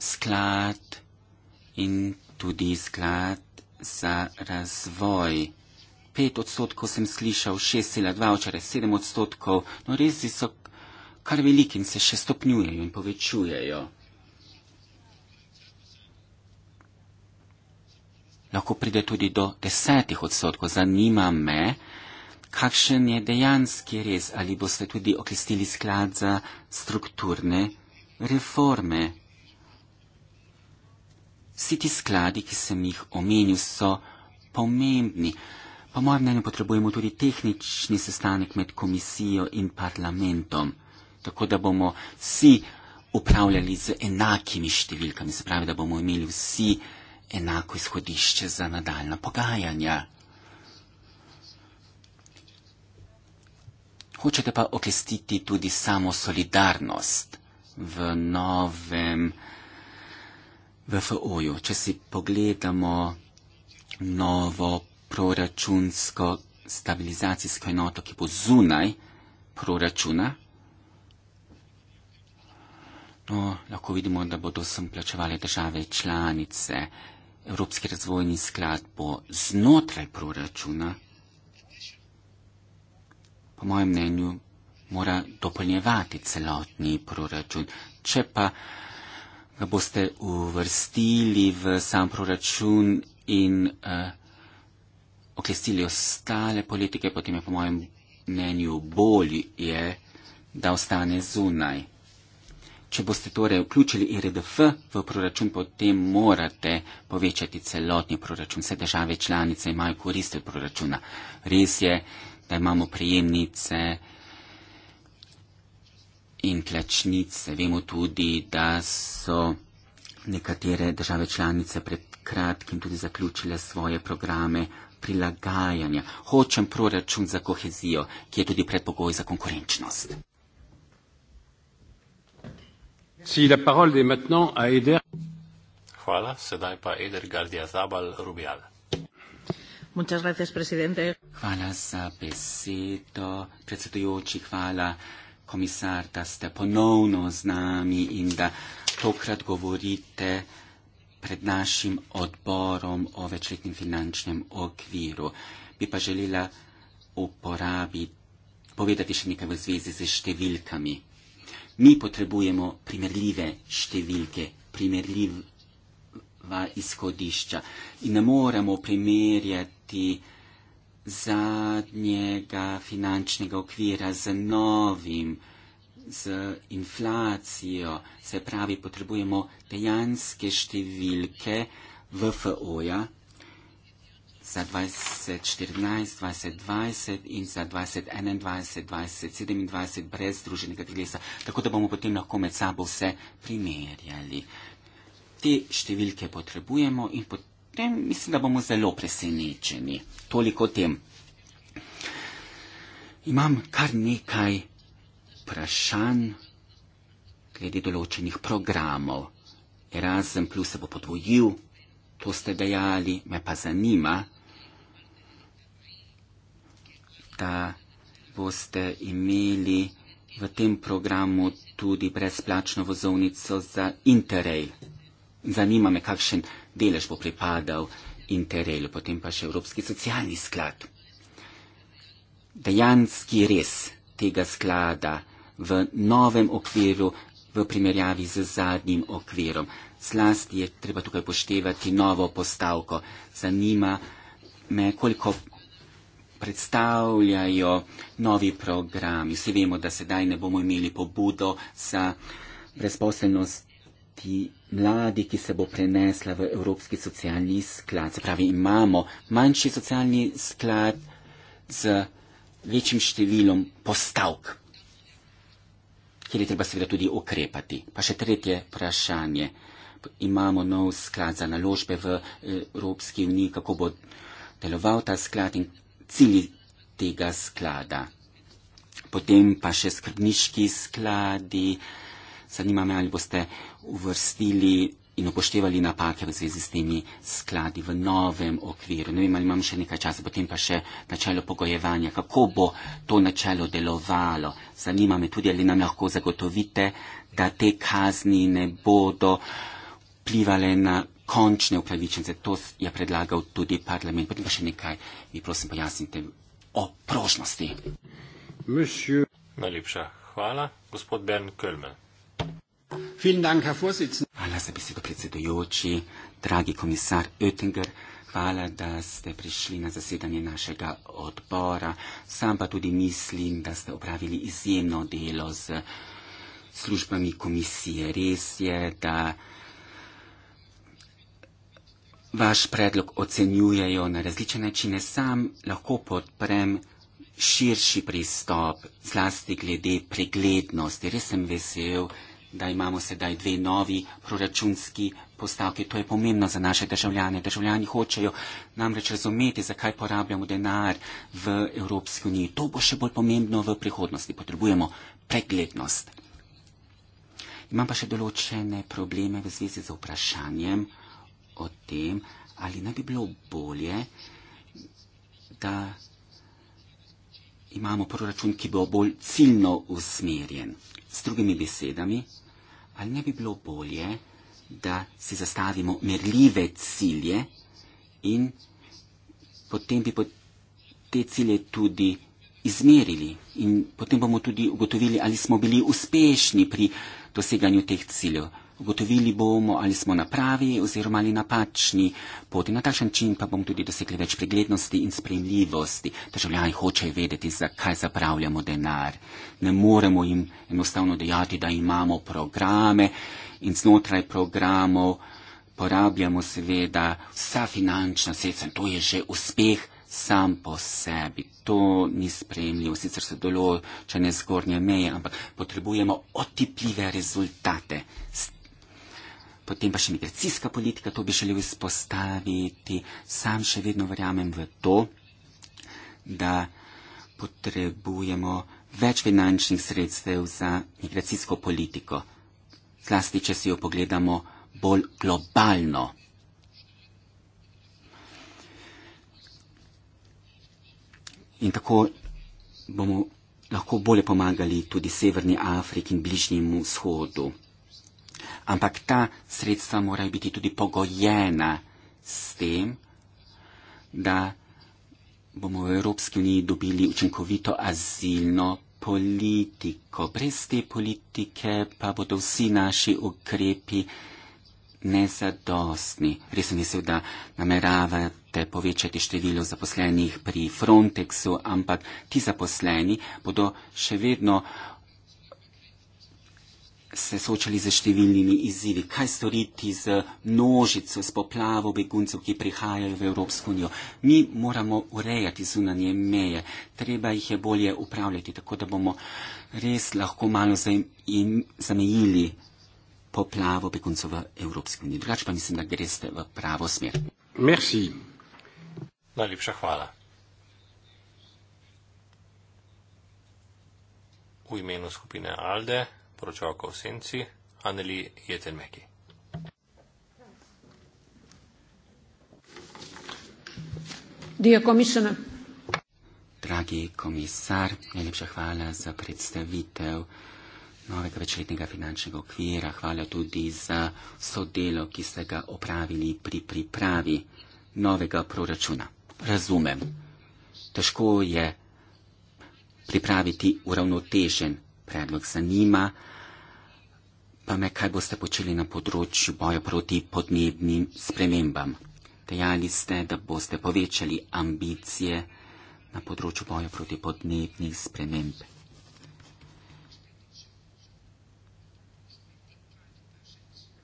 sklad in tudi sklad za razvoj. 5 odstotkov sem slišal, 6,2, včeraj 7 odstotkov, no res so kar veliki in se še stopnjujejo in povečujejo. Lahko pride tudi do 10 odstotkov, zanima me, kakšen je dejanski res, ali boste tudi oklistili sklad za strukturne reforme. Vsi ti skladi, ki sem jih omenil, so pomembni. Po mojem mnenju potrebujemo tudi tehnični sestanek med komisijo in parlamentom, tako da bomo vsi upravljali z enakimi številkami, se pravi, da bomo imeli vsi enako izhodišče za nadaljna pogajanja. Hočete pa oklestiti tudi samo solidarnost v novem. VFO-ju. Če si pogledamo novo proračunsko stabilizacijsko enoto, ki bo zunaj proračuna, no, lahko vidimo, da bodo sem plačevali države članice. Evropski razvojni sklad bo znotraj proračuna. Po mojem mnenju mora dopolnjevati celotni proračun. Če pa ga boste uvrstili v sam proračun in uh, oklestili ostale politike, potem je po mojem mnenju bolje, da ostane zunaj. Če boste torej vključili IRDF v proračun, potem morate povečati celotni proračun. Vse države članice imajo koristi od proračuna. Res je, da imamo prijemnice in plačnice. Vemo tudi, da so nekatere države članice pred kratkim tudi zaključile svoje programe prilagajanja. Hočem proračun za kohezijo, ki je tudi predpogoj za konkurenčnost. Hvala, sedaj pa Eder Gardia Zabal Rubial. Gracias, hvala za besedo, predsedujoči, hvala komisar, da ste ponovno z nami in da tokrat govorite pred našim odborom o večletnem finančnem okviru. Bi pa želela uporabiti, povedati še nekaj v zvezi z številkami. Mi potrebujemo primerljive številke, primerljiva izhodišča in ne moremo primerjati zadnjega finančnega okvira z novim, z inflacijo. Se pravi, potrebujemo dejanske številke VFO-ja za 2014-2020 in za 2021-2027 brez združenega telesa, tako da bomo potem lahko med sabo vse primerjali. Te številke potrebujemo in potrebujemo potem mislim, da bomo zelo presenečeni. Toliko o tem. Imam kar nekaj vprašanj glede določenih programov. Erasmus Plus se bo podvojil, to ste dejali, me pa zanima, da boste imeli v tem programu tudi brezplačno vozovnico za Interrail. Zanima me, kakšen delež bo pripadal interelu, potem pa še Evropski socialni sklad. Dejanski res tega sklada v novem okviru v primerjavi z zadnjim okvirom. Zlasti je treba tukaj poštevati novo postavko. Zanima me, koliko predstavljajo novi programi. Vsi vemo, da sedaj ne bomo imeli pobudo za brezposelnost ti mladi, ki se bo prenesla v Evropski socialni sklad. Se pravi, imamo manjši socialni sklad z večjim številom postavk, kjer je treba seveda tudi ukrepati. Pa še tretje vprašanje. Imamo nov sklad za naložbe v Evropski uniji, kako bo deloval ta sklad in cilji tega sklada. Potem pa še skrbniški skladi. Zanima me, ali boste uvrstili in upoštevali napake v zvezi s temi skladi v novem okviru. Ne vem, ali imam še nekaj časa, potem pa še načelo pogojevanja, kako bo to načelo delovalo. Zanima me tudi, ali nam lahko zagotovite, da te kazni ne bodo plivale na končne upravičence. To je predlagal tudi parlament. Potem pa še nekaj, vi prosim pojasnite o prožnosti. Najlepša hvala, gospod Bern Kölmel. Hvala za besedo, predsedujoči. Dragi komisar Oettinger, hvala, da ste prišli na zasedanje našega odbora. Sam pa tudi mislim, da ste opravili izjemno delo z službami komisije. Res je, da vaš predlog ocenjujejo na različne načine. Sam lahko podprem širši pristop, zlasti glede preglednosti. Res sem vesel, da da imamo sedaj dve novi proračunski postavki. To je pomembno za naše državljane. Državljani hočejo namreč razumeti, zakaj porabljamo denar v Evropski uniji. To bo še bolj pomembno v prihodnosti. Potrebujemo preglednost. Imam pa še določene probleme v zvezi z vprašanjem o tem, ali ne bi bilo bolje, da imamo proračun, ki bo bolj ciljno usmerjen. S drugimi besedami, ali ne bi bilo bolje, da si zastavimo merljive cilje in potem bi te cilje tudi izmerili in potem bomo tudi ugotovili, ali smo bili uspešni pri doseganju teh ciljev. Ugotovili bomo, ali smo na pravi oziroma ali napačni poti. Na takšen način pa bomo tudi dosegli več preglednosti in spremljivosti. Državljani hočejo vedeti, zakaj zapravljamo denar. Ne moremo jim enostavno dejati, da imamo programe in znotraj programov porabljamo seveda vsa finančna sredstva. To je že uspeh sam po sebi. To ni spremljivo, sicer so določene zgornje meje, ampak potrebujemo otipljive rezultate. Potem pa še migracijska politika, to bi želel izpostaviti. Sam še vedno verjamem v to, da potrebujemo več finančnih sredstev za migracijsko politiko. Zlasti, če si jo pogledamo bolj globalno. In tako bomo lahko bolje pomagali tudi Severni Afriki in Bližnjemu vzhodu ampak ta sredstva morajo biti tudi pogojena s tem, da bomo v Evropski uniji dobili učinkovito azilno politiko. Brez te politike pa bodo vsi naši ukrepi nezadostni. Res sem vesel, da nameravate povečati število zaposlenih pri Frontexu, ampak ti zaposleni bodo še vedno se soočali z številnimi izzivi. Kaj storiti z množico, s poplavo beguncev, ki prihajajo v Evropsko unijo? Mi moramo urejati zunanje meje, treba jih je bolje upravljati, tako da bomo res lahko malo zamejili poplavo beguncev v Evropski uniji. Drugače pa mislim, da greste v pravo smer. Merci. Najlepša hvala. V imenu skupine Alde, poročalka v senci Anneli Jetenmeki. Dragi komisar, najlepša hvala za predstavitev novega večletnega finančnega okvira. Hvala tudi za sodelo, ki ste ga opravili pri pripravi novega proračuna. Razumem, težko je pripraviti uravnotežen predlog zanima, pa me kaj boste počeli na področju boja proti podnebnim spremembam. Dejali ste, da boste povečali ambicije na področju boja proti podnebnih sprememb.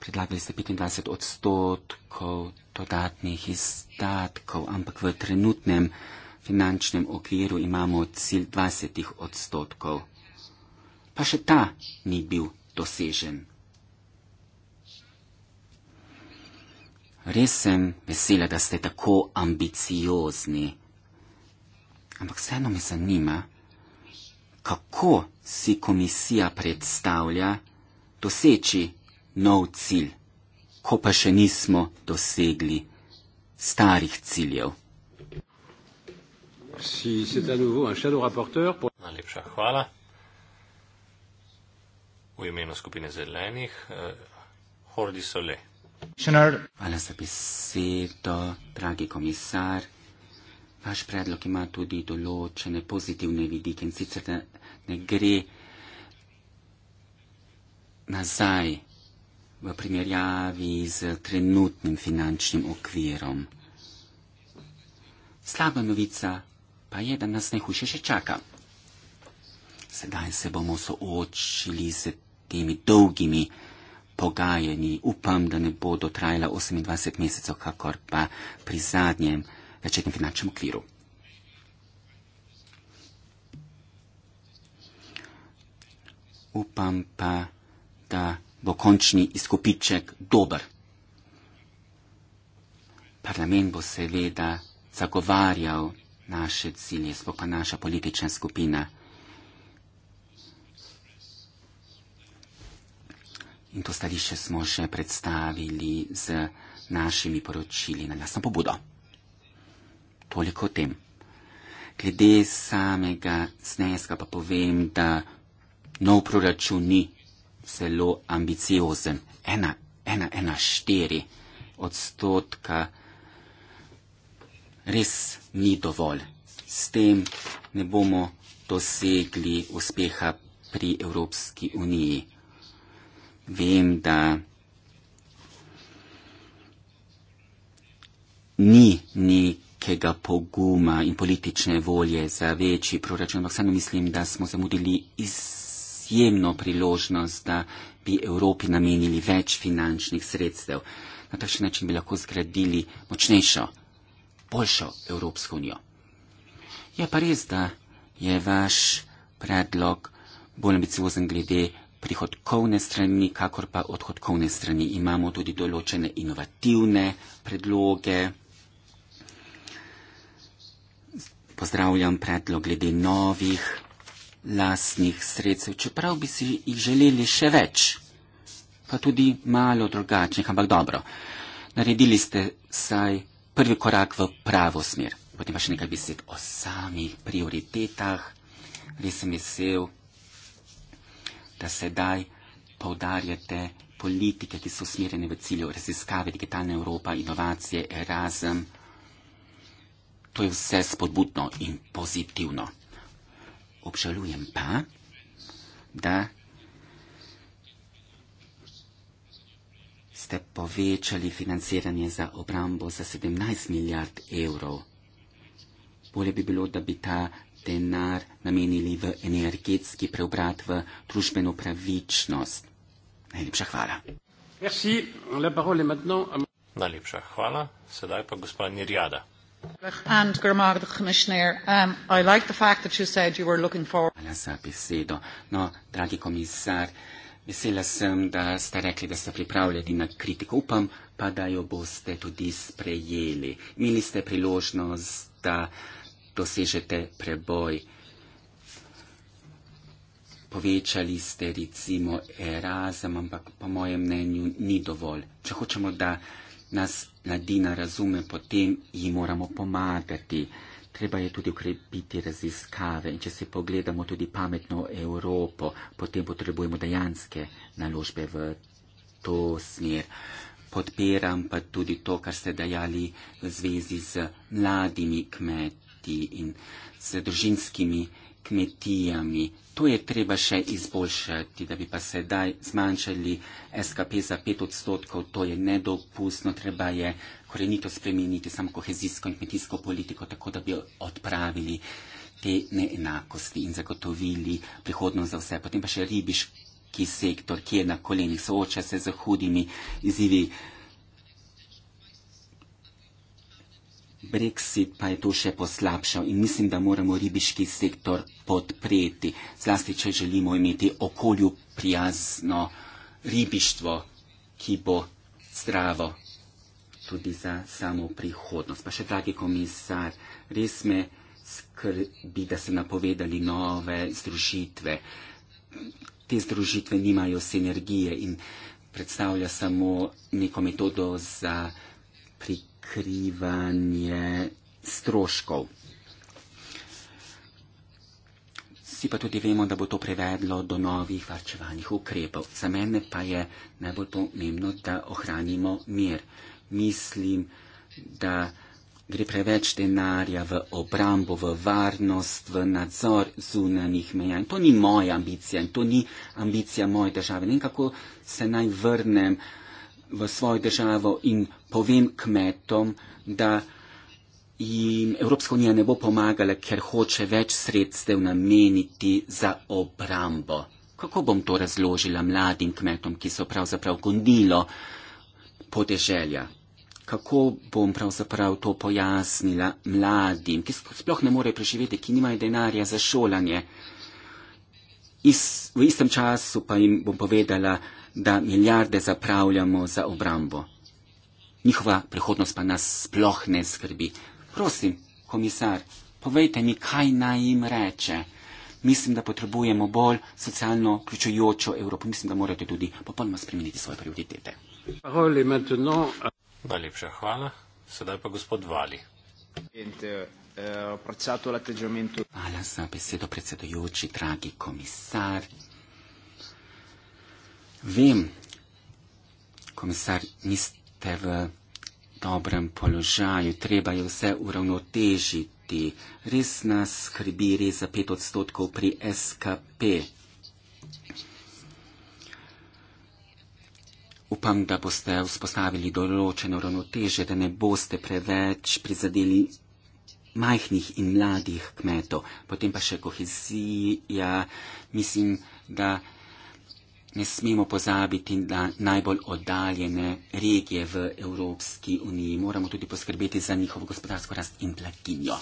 Predlagali ste 25 odstotkov dodatnih izdatkov, ampak v trenutnem finančnem okviru imamo cilj 20 odstotkov pa še ta ni bil dosežen. Res sem vesela, da ste tako ambiciozni. Ampak vseeno me zanima, kako si komisija predstavlja doseči nov cilj, ko pa še nismo dosegli starih ciljev. Najlepša hvala v imenu skupine zelenih, eh, Hordi Sole. Hvala za besedo, dragi komisar. Vaš predlog ima tudi določene pozitivne vidike in sicer da ne gre nazaj v primerjavi z trenutnim finančnim okvirom. Slaba novica pa je, da nas najhujše še čaka. Sedaj se bomo soočili z temi dolgimi pogajanji. Upam, da ne bodo trajala 28 mesecev, kakor pa pri zadnjem večetnem finančnem okviru. Upam pa, da bo končni izkupiček dober. Parlament bo seveda zagovarjal naše cilje, spokoj pa naša politična skupina. In to stališče smo že predstavili z našimi poročili na lasno pobudo. Toliko o tem. Glede samega zneska pa povem, da nov proračun ni zelo ambiciozen. 1,14 odstotka res ni dovolj. S tem ne bomo dosegli uspeha pri Evropski uniji vem, da ni nekega poguma in politične volje za večji proračun, ampak samo mislim, da smo zamudili izjemno priložnost, da bi Evropi namenili več finančnih sredstev. Na takšen način bi lahko zgradili močnejšo, boljšo Evropsko unijo. Je pa res, da je vaš predlog bolj ambiciozen glede prihodkovne strani, kakor pa odhodkovne strani. Imamo tudi določene inovativne predloge. Pozdravljam predlog glede novih lasnih sredstev, čeprav bi si jih želeli še več, pa tudi malo drugačnih, ampak dobro. Naredili ste saj prvi korak v pravo smer. Potem pa še nekaj besed o samih prioritetah. Res sem vesel, da sedaj povdarjate politike, ki so smerene v cilju raziskave, digitalna Evropa, inovacije, Erasm. To je vse spodbudno in pozitivno. Obžalujem pa, da ste povečali financiranje za obrambo za 17 milijard evrov. Bolje bi bilo, da bi ta denar namenili v energetski preobrat, v družbeno pravičnost. Najlepša hvala. Najlepša hvala. Sedaj pa gospa Nirjada. Um, hvala za besedo. No, dragi komisar, vesela sem, da ste rekli, da ste pripravljeni na kritiko. Upam pa, da jo boste tudi sprejeli. Imeli ste priložnost, da dosežete preboj. Povečali ste recimo Erasmus, ampak po mojem mnenju ni dovolj. Če hočemo, da nas mladina razume, potem ji moramo pomagati. Treba je tudi ukrepiti raziskave in če se pogledamo tudi pametno Evropo, potem potrebujemo dejanske naložbe v to smer. Podpiram pa tudi to, kar ste dajali v zvezi z mladimi kmeti kmeti in z družinskimi kmetijami. To je treba še izboljšati, da bi pa sedaj zmanjšali SKP za pet odstotkov, to je nedopustno, treba je korenito spremeniti samo kohezijsko in kmetijsko politiko, tako da bi odpravili te neenakosti in zagotovili prihodnost za vse. Potem pa še ribiški sektor, ki je na kolenih, sooča se z hudimi izzivi. Brexit pa je to še poslabšal in mislim, da moramo ribiški sektor podpreti, zlasti če želimo imeti okolju prijazno ribištvo, ki bo zdravo tudi za samo prihodnost. Pa še dragi komisar, res me skrbi, da ste napovedali nove združitve. Te združitve nimajo sinergije in predstavlja samo neko metodo za prihodnost pokrivanje stroškov. Vsi pa tudi vemo, da bo to prevedlo do novih varčevalnih ukrepov. Za mene pa je najbolj pomembno, da ohranimo mir. Mislim, da gre preveč denarja v obrambo, v varnost, v nadzor zunanih meja. In to ni moja ambicija in to ni ambicija moje države. Ne vem, kako se naj vrnem. Uh, v svojo državo in povem kmetom, da jim Evropska unija ne bo pomagala, ker hoče več sredstev nameniti za obrambo. Kako bom to razložila mladim kmetom, ki so pravzaprav gondilo podeželja? Kako bom pravzaprav to pojasnila mladim, ki sploh ne morejo preživeti, ki nimajo denarja za šolanje? Is, v istem času pa jim bom povedala, da milijarde zapravljamo za obrambo. Njihova prihodnost pa nas sploh ne skrbi. Prosim, komisar, povejte mi, kaj naj jim reče. Mislim, da potrebujemo bolj socialno vključujočo Evropo. Mislim, da morate tudi popolnoma spremeniti svoje prioritete. Najlepša hvala. Sedaj pa gospod Vali. Eh, hvala za besedo, predsedojoči, dragi komisar. Vem, komisar, niste v dobrem položaju, treba je vse uravnotežiti. Res nas skrbi res za pet odstotkov pri SKP. Upam, da boste vzpostavili določeno ravnoteže, da ne boste preveč prizadeli majhnih in mladih kmetov. Potem pa še kohezija. Mislim, da ne smemo pozabiti na najbolj oddaljene regije v Evropski uniji. Moramo tudi poskrbeti za njihovo gospodarsko rast in blaginjo.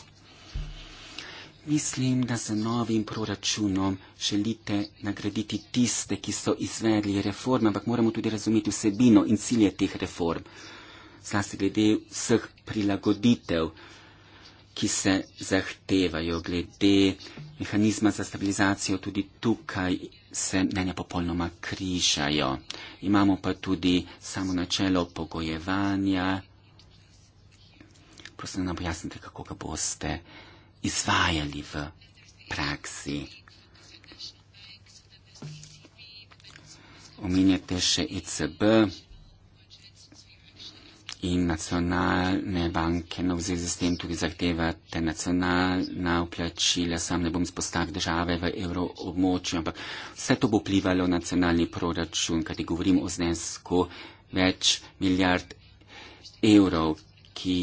Mislim, da se novim proračunom želite nagraditi tiste, ki so izvedli reforme, ampak moramo tudi razumeti vsebino in cilje teh reform. Zlasti glede vseh prilagoditev, ki se zahtevajo, glede mehanizma za stabilizacijo, tudi tukaj se mnenja popolnoma križajo. Imamo pa tudi samo načelo pogojevanja. Prosim, nam pojasnite, kako ga boste izvajali v praksi. Omenjate še ECB in nacionalne banke, no v zvezi s tem tudi zahtevate nacionalna vplačila, sam ne bom spostavil države v evroobmočju, ampak vse to bo vplivalo na nacionalni proračun, kajti govorim o znesku več milijard evrov, ki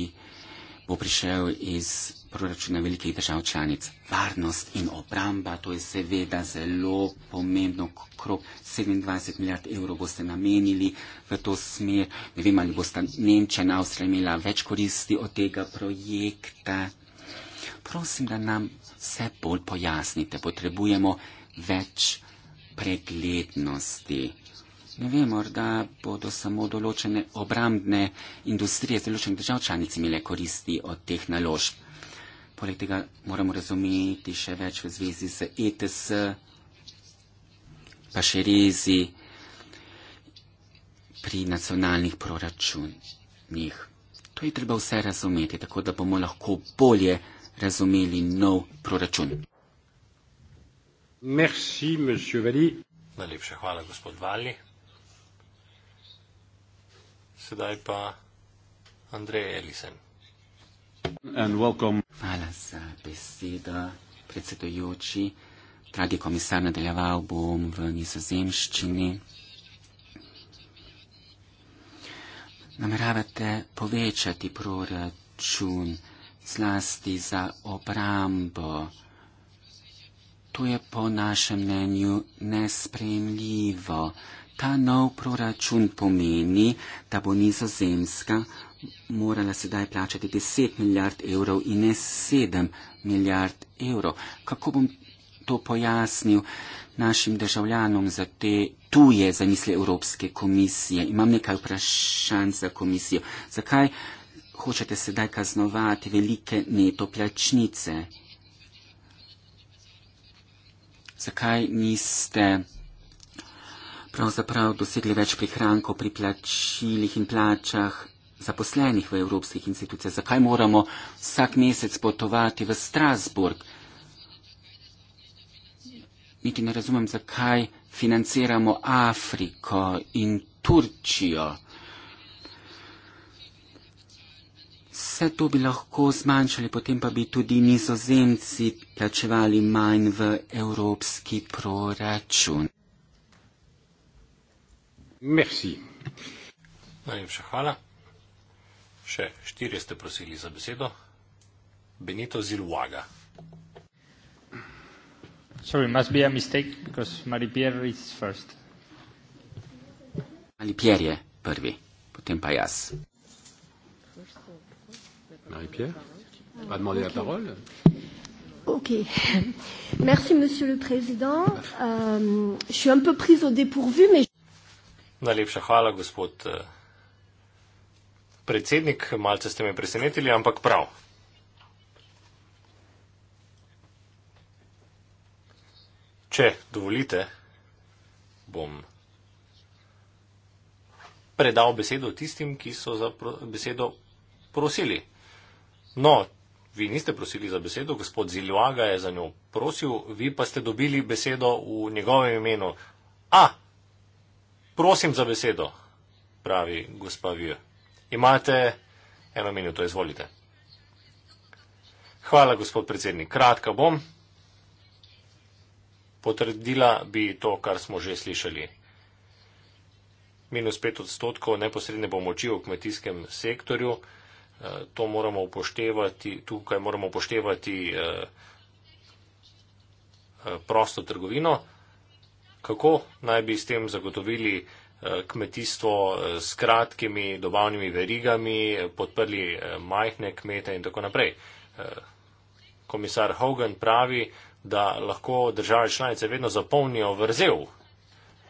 bo prišel iz proračuna velikih držav članic. Varnost in obramba, to je seveda zelo pomembno, krok 27 milijard evrov boste namenili v to smer. Ne vem, ali boste Nemčija in Avstrija imela več koristi od tega projekta. Prosim, da nam vse bolj pojasnite. Potrebujemo več preglednosti. Ne vem, morda bodo samo določene obrambne industrije, določene držav članic imele koristi od teh naložb. Poleg tega moramo razumeti še več v zvezi z ETS, pa še rezi pri nacionalnih proračunih. To je treba vse razumeti, tako da bomo lahko bolje razumeli nov proračun. Merci, monsieur Vali. Najlepša hvala, gospod Vali. Sedaj pa Andrej Elisen. Hvala za besedo, predsedujoči. Dragi komisar, nadaljeval bom v nizozemščini. Nameravate povečati proračun zlasti za obrambo. To je po našem mnenju nespremljivo ta nov proračun pomeni, da bo nizozemska morala sedaj plačati 10 milijard evrov in ne 7 milijard evrov. Kako bom to pojasnil našim državljanom za te tuje zamisle Evropske komisije? Imam nekaj vprašanj za komisijo. Zakaj hočete sedaj kaznovati velike netoplačnice? Zakaj niste pravzaprav dosegli več prihrankov pri plačilih in plačah zaposlenih v evropskih institucijah. Zakaj moramo vsak mesec potovati v Strasburg? Niti ne razumem, zakaj financiramo Afriko in Turčijo. Vse to bi lahko zmanjšali, potem pa bi tudi nizozemci plačevali manj v evropski proračun. Najlepša hvala. Še štirje ste prosili za besedo. Benito Ziluaga. Sorry, must be a mistake, because Maripier is first. Maripier je prvi, potem pa jaz. Maripier, va demander la parole. Ok. Merci, Monsieur le Président. Euh, je suis un peu prise au dépourvu, mais Najlepša hvala, gospod eh, predsednik. Malce ste me presenetili, ampak prav. Če dovolite, bom predal besedo tistim, ki so za besedo prosili. No, vi niste prosili za besedo, gospod Ziljuaga je za njo prosil, vi pa ste dobili besedo v njegovem imenu. A, Prosim za besedo, pravi gospa Vir. Imate eno minuto, izvolite. Hvala, gospod predsednik. Kratka bom. Potrdila bi to, kar smo že slišali. Minus pet odstotkov neposredne pomoči v kmetijskem sektorju. Eh, to moramo upoštevati, tukaj moramo upoštevati eh, eh, prosto trgovino kako naj bi s tem zagotovili eh, kmetijstvo eh, s kratkimi dobavnimi verigami, eh, podprli majhne kmete in tako naprej. Komisar Hogan pravi, da lahko države članice vedno zapolnijo vrzel,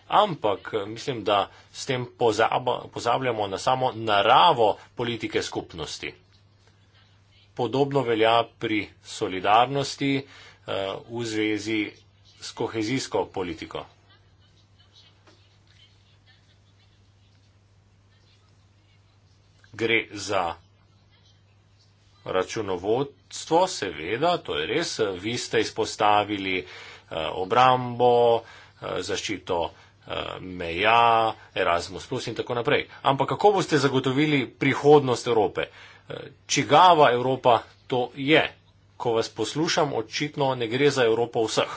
ampak mislim, da s tem pozabljamo na samo naravo politike skupnosti. Podobno velja pri solidarnosti v zvezi s kohezijsko politiko. gre za računovodstvo, seveda, to je res. Vi ste izpostavili eh, obrambo, eh, zaščito eh, meja, Erasmus, in tako naprej. Ampak kako boste zagotovili prihodnost Evrope? Čigava Evropa to je? Ko vas poslušam, očitno ne gre za Evropo vseh.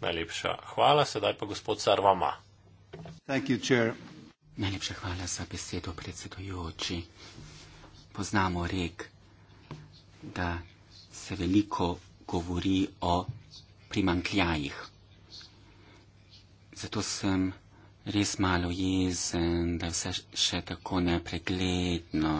Najlepša hvala, sedaj pa gospod Sarvama. Thank you, chair. Najlepša hvala za besedo, predsedujoči. Poznamo rek, da se veliko govori o primankljajih. Zato sem res malo jezen, da je vse še tako nepregledno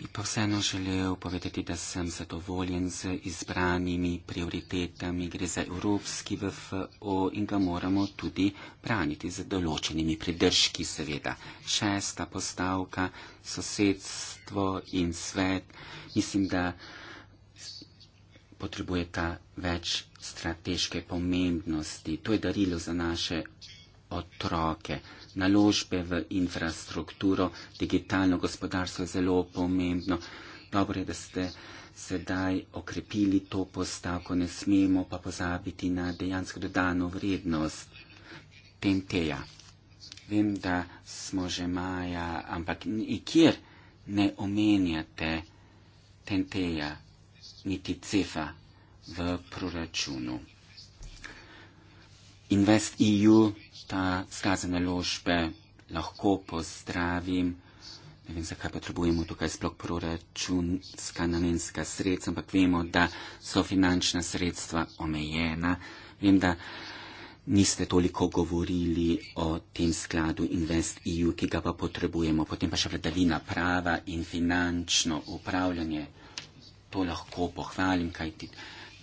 bi pa vseeno želel povedati, da sem zadovoljen z izbranimi prioritetami. Gre za Evropski VFO in ga moramo tudi braniti z določenimi pridržki, seveda. Šesta postavka, sosedstvo in svet. Mislim, da potrebujeta več strateške pomembnosti. To je darilo za naše otroke. Naložbe v infrastrukturo, digitalno gospodarstvo je zelo pomembno. Dobro je, da ste sedaj okrepili to postavko, ne smemo pa pozabiti na dejansko dodano vrednost TNT-ja. Vem, da smo že maja, ampak nikjer ne omenjate TNT-ja, niti CEFA v proračunu. In West EU ta skazen naložbe lahko pozdravim. Ne vem, zakaj potrebujemo tukaj sploh proračunska namenska sredstva, ampak vemo, da so finančna sredstva omejena. Vem, da niste toliko govorili o tem skladu Invest EU, ki ga pa potrebujemo. Potem pa še vladavina prava in finančno upravljanje. To lahko pohvalim, kajti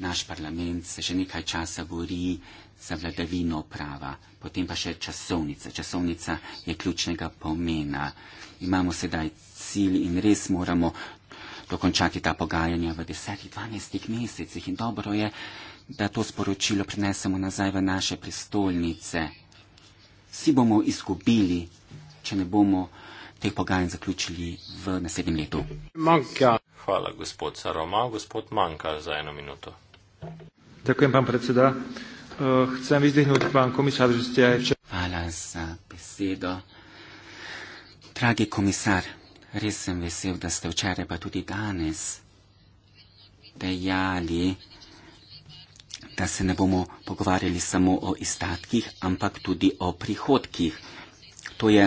naš parlament se že nekaj časa bori za vladavino prava, potem pa še časovnica. Časovnica je ključnega pomena. Imamo sedaj cilj in res moramo dokončati ta pogajanja v 10-12 mesecih in dobro je, da to sporočilo prinesemo nazaj v naše prestolnice. Vsi bomo izgubili, če ne bomo teh pogajanj zaključili v naslednjem letu. Manka. Hvala, gospod Saroma. Gospod Manka za eno minuto. Dziękuję, pan predsjedniczący chcem vyzdvihnúť, pán komisár, že ste aj včera... Hvala za besedo. Dragi komisar, res sem vesel, da ste včeraj pa tudi danes dejali, da se ne bomo pogovarjali samo o izdatkih, ampak tudi o prihodkih. To je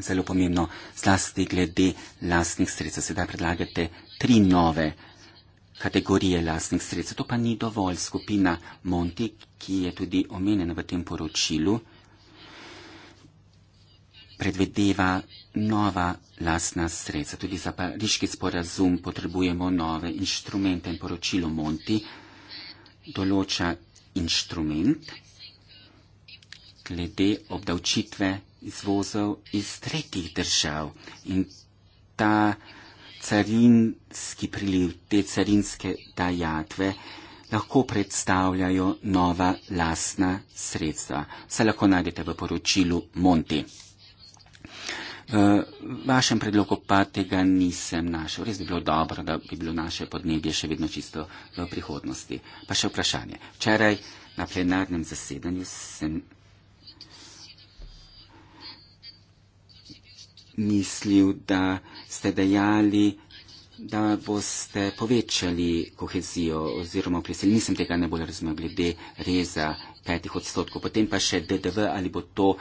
zelo pomembno, zlasti glede lastnih sredstev. Sedaj predlagate tri nove kategorije lastnih sredstev. To pa ni dovolj. Skupina Monti, ki je tudi omenjena v tem poročilu, predvedeva nova lastna sredstva. Tudi za pariški sporazum potrebujemo nove inštrumente in poročilo Monti določa inštrument glede obdavčitve izvozov iz tretjih držav. In ta carinski priliv, te carinske dajatve lahko predstavljajo nova lasna sredstva. Se lahko najdete v poročilu Monti. V vašem predlogu pa tega nisem našel. Res bi bilo dobro, da bi bilo naše podnebje še vedno čisto v prihodnosti. Pa še vprašanje. Včeraj na plenarnem zasedanju sem mislil, da ste dejali, da boste povečali kohezijo oziroma priseli. Nisem tega ne bolj razumel glede reza petih odstotkov. Potem pa še DDV, ali bo to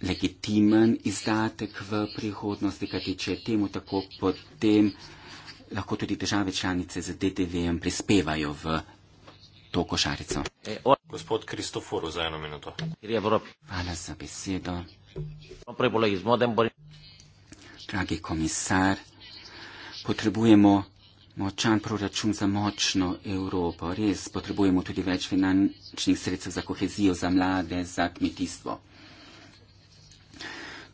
legitimen izdatek v prihodnosti, kajti če je temu tako, potem lahko tudi države članice z DDV-jem prispevajo v to košarico. E, Gospod Kristoforu za eno minuto. Hvala za besedo dragi komisar, potrebujemo močan proračun za močno Evropo. Res potrebujemo tudi več finančnih sredstev za kohezijo, za mlade, za kmetijstvo.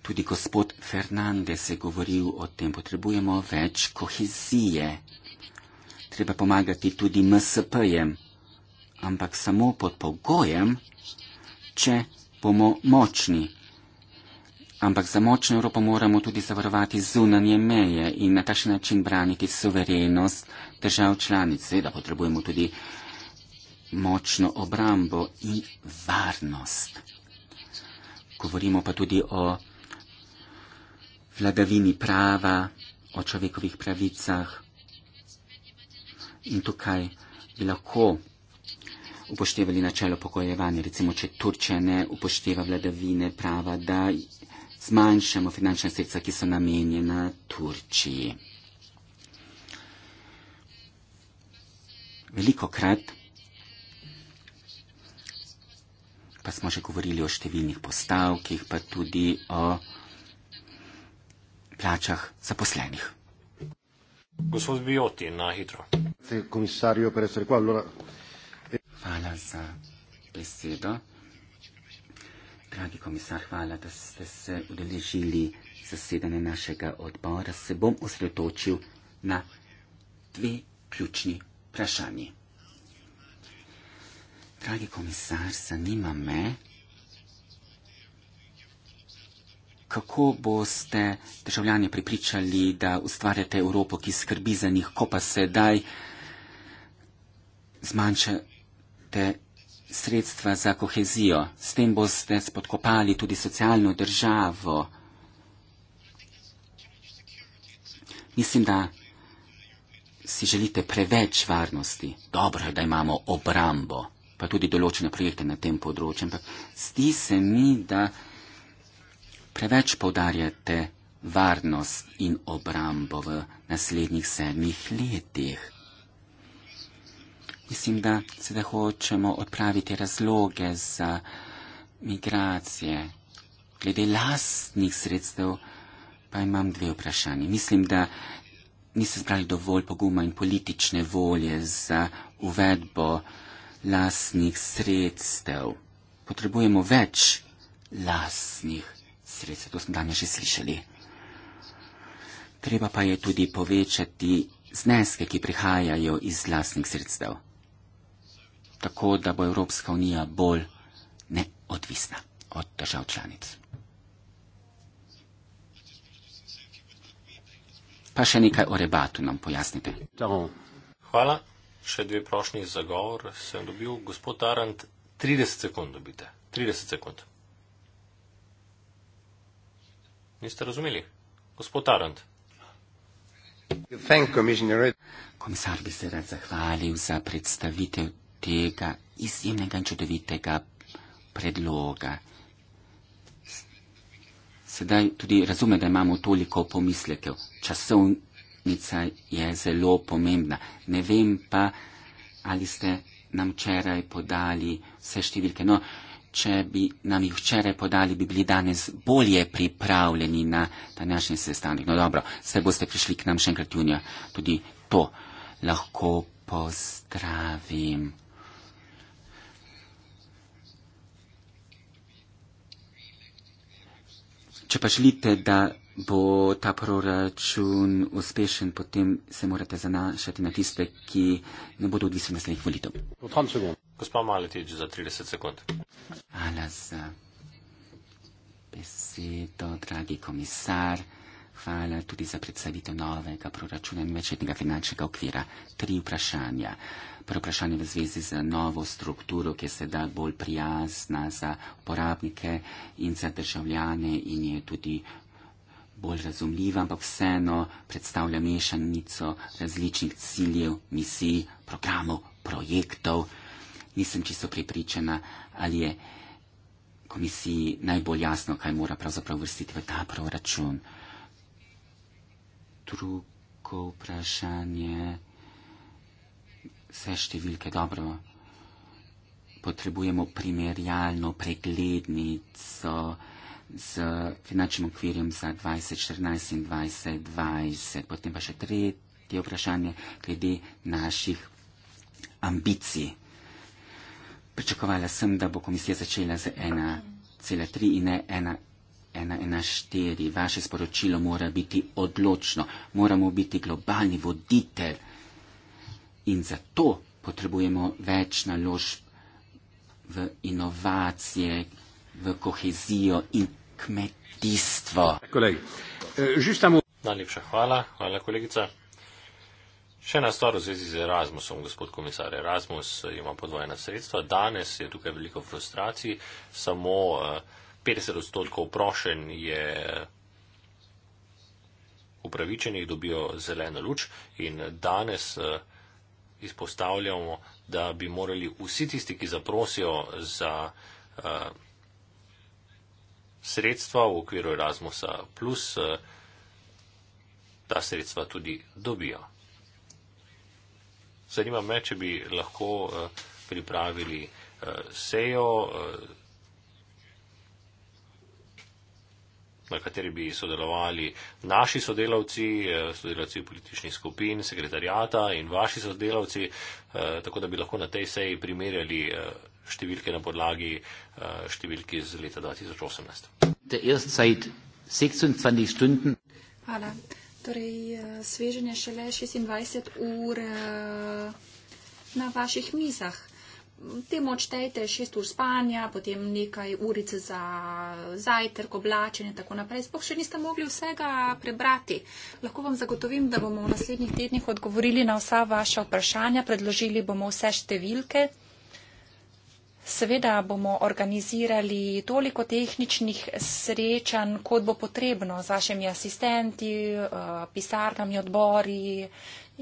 Tudi gospod Fernandez je govoril o tem, potrebujemo več kohezije. Treba pomagati tudi MSP-jem, ampak samo pod pogojem, če bomo močni. Ampak za močno Evropo moramo tudi zavarovati zunanje meje in na takšen način braniti suverenost držav članic. Seveda potrebujemo tudi močno obrambo in varnost. Govorimo pa tudi o vladavini prava, o človekovih pravicah. In tukaj bi lahko upoštevali načelo pokojevanja. Recimo, če Turčija ne upošteva vladavine prava, da zmanjšamo finančna sredstva, ki so namenjena Turčiji. Veliko krat pa smo že govorili o številnih postavkih, pa tudi o plačah zaposlenih. Gospod Bioti, na hitro. Eh, Hvala za besedo dragi komisar, hvala, da ste se udeležili zasedanja našega odbora. Se bom osredotočil na dve ključni vprašanji. Dragi komisar, zanima me, kako boste državljani pripričali, da ustvarjate Evropo, ki skrbi za njih, ko pa sedaj zmanjšate sredstva za kohezijo. S tem boste spodkopali tudi socialno državo. Mislim, da si želite preveč varnosti. Dobro je, da imamo obrambo, pa tudi določene projekte na tem področju, ampak zdi se mi, da preveč povdarjate varnost in obrambo v naslednjih sedmih letih. Mislim, da seveda hočemo odpraviti razloge za migracije. Glede lastnih sredstev pa imam dve vprašanje. Mislim, da niste zbrali dovolj poguma in politične volje za uvedbo lastnih sredstev. Potrebujemo več lastnih sredstev, to smo danes že slišali. Treba pa je tudi povečati zneske, ki prihajajo iz lastnih sredstev tako, da bo Evropska unija bolj neodvisna od držav članic. Pa še nekaj o rebatu nam pojasnite. Hvala. Še dve prošnji za govor sem dobil. Gospod Arant, 30 sekund dobite. 30 sekund. Niste razumeli? Gospod Arant. Komisar bi se rad zahvalil za predstavitev tega izjemnega in čudovitega predloga. Sedaj tudi razume, da imamo toliko pomislekev. Časovnica je zelo pomembna. Ne vem pa, ali ste nam včeraj podali vse številke. No, če bi nam jih včeraj podali, bi bili danes bolje pripravljeni na današnji sestanek. No dobro, se boste prišli k nam še enkrat junija. Tudi to lahko pozdravim. Če pa želite, da bo ta proračun uspešen, potem se morate zanašati na tiste, ki ne bodo odvisni od naslednjih volitev. Gospod Maletič, za 30 sekund. Hvala za besedo, dragi komisar. Hvala tudi za predstavitev novega proračuna in večjetnega finančnega okvira. Tri vprašanja preprašanje v zvezi z novo strukturo, ki je sedaj bolj prijazna za uporabnike in za državljane in je tudi bolj razumljiva, ampak vseeno predstavlja mešanico različnih ciljev, misij, programov, projektov. Nisem čisto pripričana, ali je komisiji najbolj jasno, kaj mora pravzaprav vrstiti v ta proračun. Drugo vprašanje vse številke dobro. Potrebujemo primerjalno preglednico z finančnim okvirjem za 2014 in 2020. Potem pa še tretje vprašanje glede naših ambicij. Pričakovala sem, da bo komisija začela z 1,3 in ne 1,4. Vaše sporočilo mora biti odločno. Moramo biti globalni voditelj In zato potrebujemo več naložb v inovacije, v kohezijo in kmetijstvo. Kolegi, eh, tamo... Najlepša hvala, hvala kolegica. Še na stvar v zvezi z Erasmusom, gospod komisar. Erasmus ima podvojena sredstva. Danes je tukaj veliko frustracij, samo 50 eh, odstotkov prošen je eh, upravičenih, dobijo zeleno luč in danes izpostavljamo, da bi morali vsi tisti, ki zaprosijo za uh, sredstva v okviru Erasmusa, plus uh, ta sredstva tudi dobijo. Zanima me, če bi lahko uh, pripravili uh, sejo. Uh, na kateri bi sodelovali naši sodelavci, eh, sodelavci političnih skupin, sekretarjata in vaši sodelavci, eh, tako da bi lahko na tej seji primerjali eh, številke na podlagi številki z leta 2018. Hvala. Torej, sveženje šele 26 ur na vaših mizah. Te močtejte šest ur spanja, potem nekaj urice za zajtrk, oblačenje in tako naprej. Sploh še niste mogli vsega prebrati. Lahko vam zagotovim, da bomo v naslednjih tednih odgovorili na vsa vaša vprašanja, predložili bomo vse številke. Seveda bomo organizirali toliko tehničnih srečanj, kot bo potrebno z vašimi asistenti, eh, pisarkami, odbori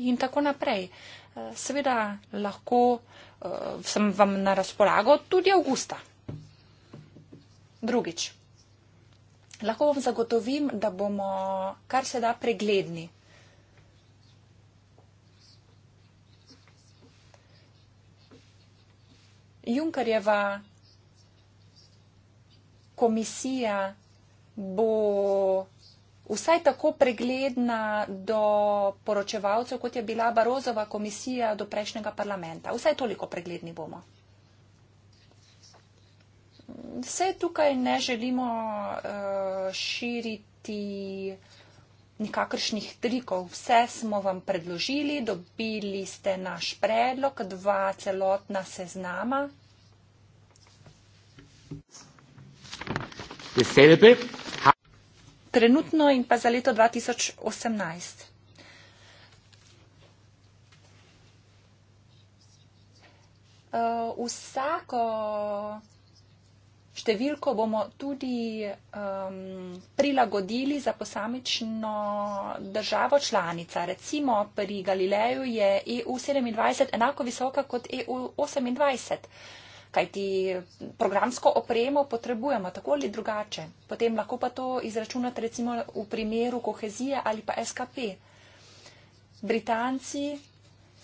in tako naprej. Eh, seveda lahko uh, sem vam na razpolago tudi avgusta. Drugič, lahko vam zagotovim, da bomo kar se da pregledni. Junkarjeva komisija bo vsaj tako pregledna do poročevalcev, kot je bila Barozova komisija do prejšnjega parlamenta. Vsaj toliko pregledni bomo. Vse tukaj ne želimo eh, širiti nikakršnih trikov. Vse smo vam predložili, dobili ste naš predlog, dva celotna seznama. Dasselbe trenutno in pa za leto 2018. Uh, eh, vsako številko bomo tudi um, prilagodili za posamično državo članica. Recimo pri Galileju je EU27 enako visoka kot EU28. Uh, kajti programsko opremo potrebujemo tako ali drugače. Potem lahko pa to izračunate recimo v primeru kohezije ali pa SKP. Britanci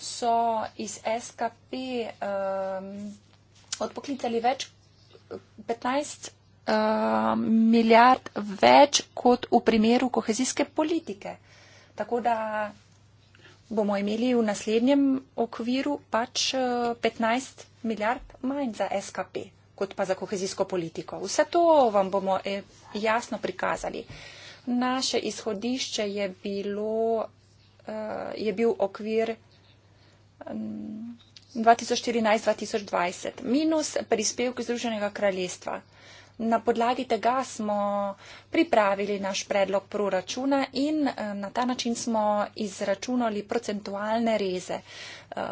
so iz SKP um, ehm, odpoklicali več 15 uh, ehm, milijard več kot v primeru kohezijske politike. Tako da bomo imeli v naslednjem okviru pač 15 eh, milijard milijard manj za SKP, kot pa za kohezijsko politiko. Vse to vam bomo eh, jasno prikazali. Naše izhodišče je, bilo, eh, je bil okvir 2014-2020 mm, minus prispevk Združenega kraljestva. Na podlagi tega smo pripravili naš predlog proračuna in eh, na ta način smo izračunali procentualne reze eh,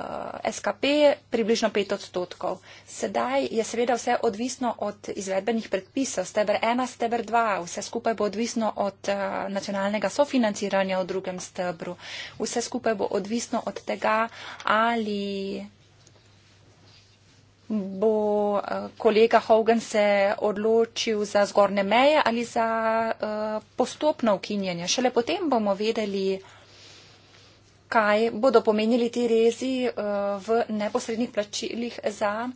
SKP približno 5 odstotkov. Sedaj je seveda vse odvisno od izvedbenih predpisov, stebr 1, stebr 2, vse skupaj bo odvisno od eh, nacionalnega sofinanciranja v drugem stebru, vse skupaj bo odvisno od tega, ali bo eh, kolega Hogan se odločil za zgornje meje ali za eh, postopno ukinjanje. Šele potem bomo vedeli, kaj bodo pomenili ti rezi eh, v neposrednih plačilih za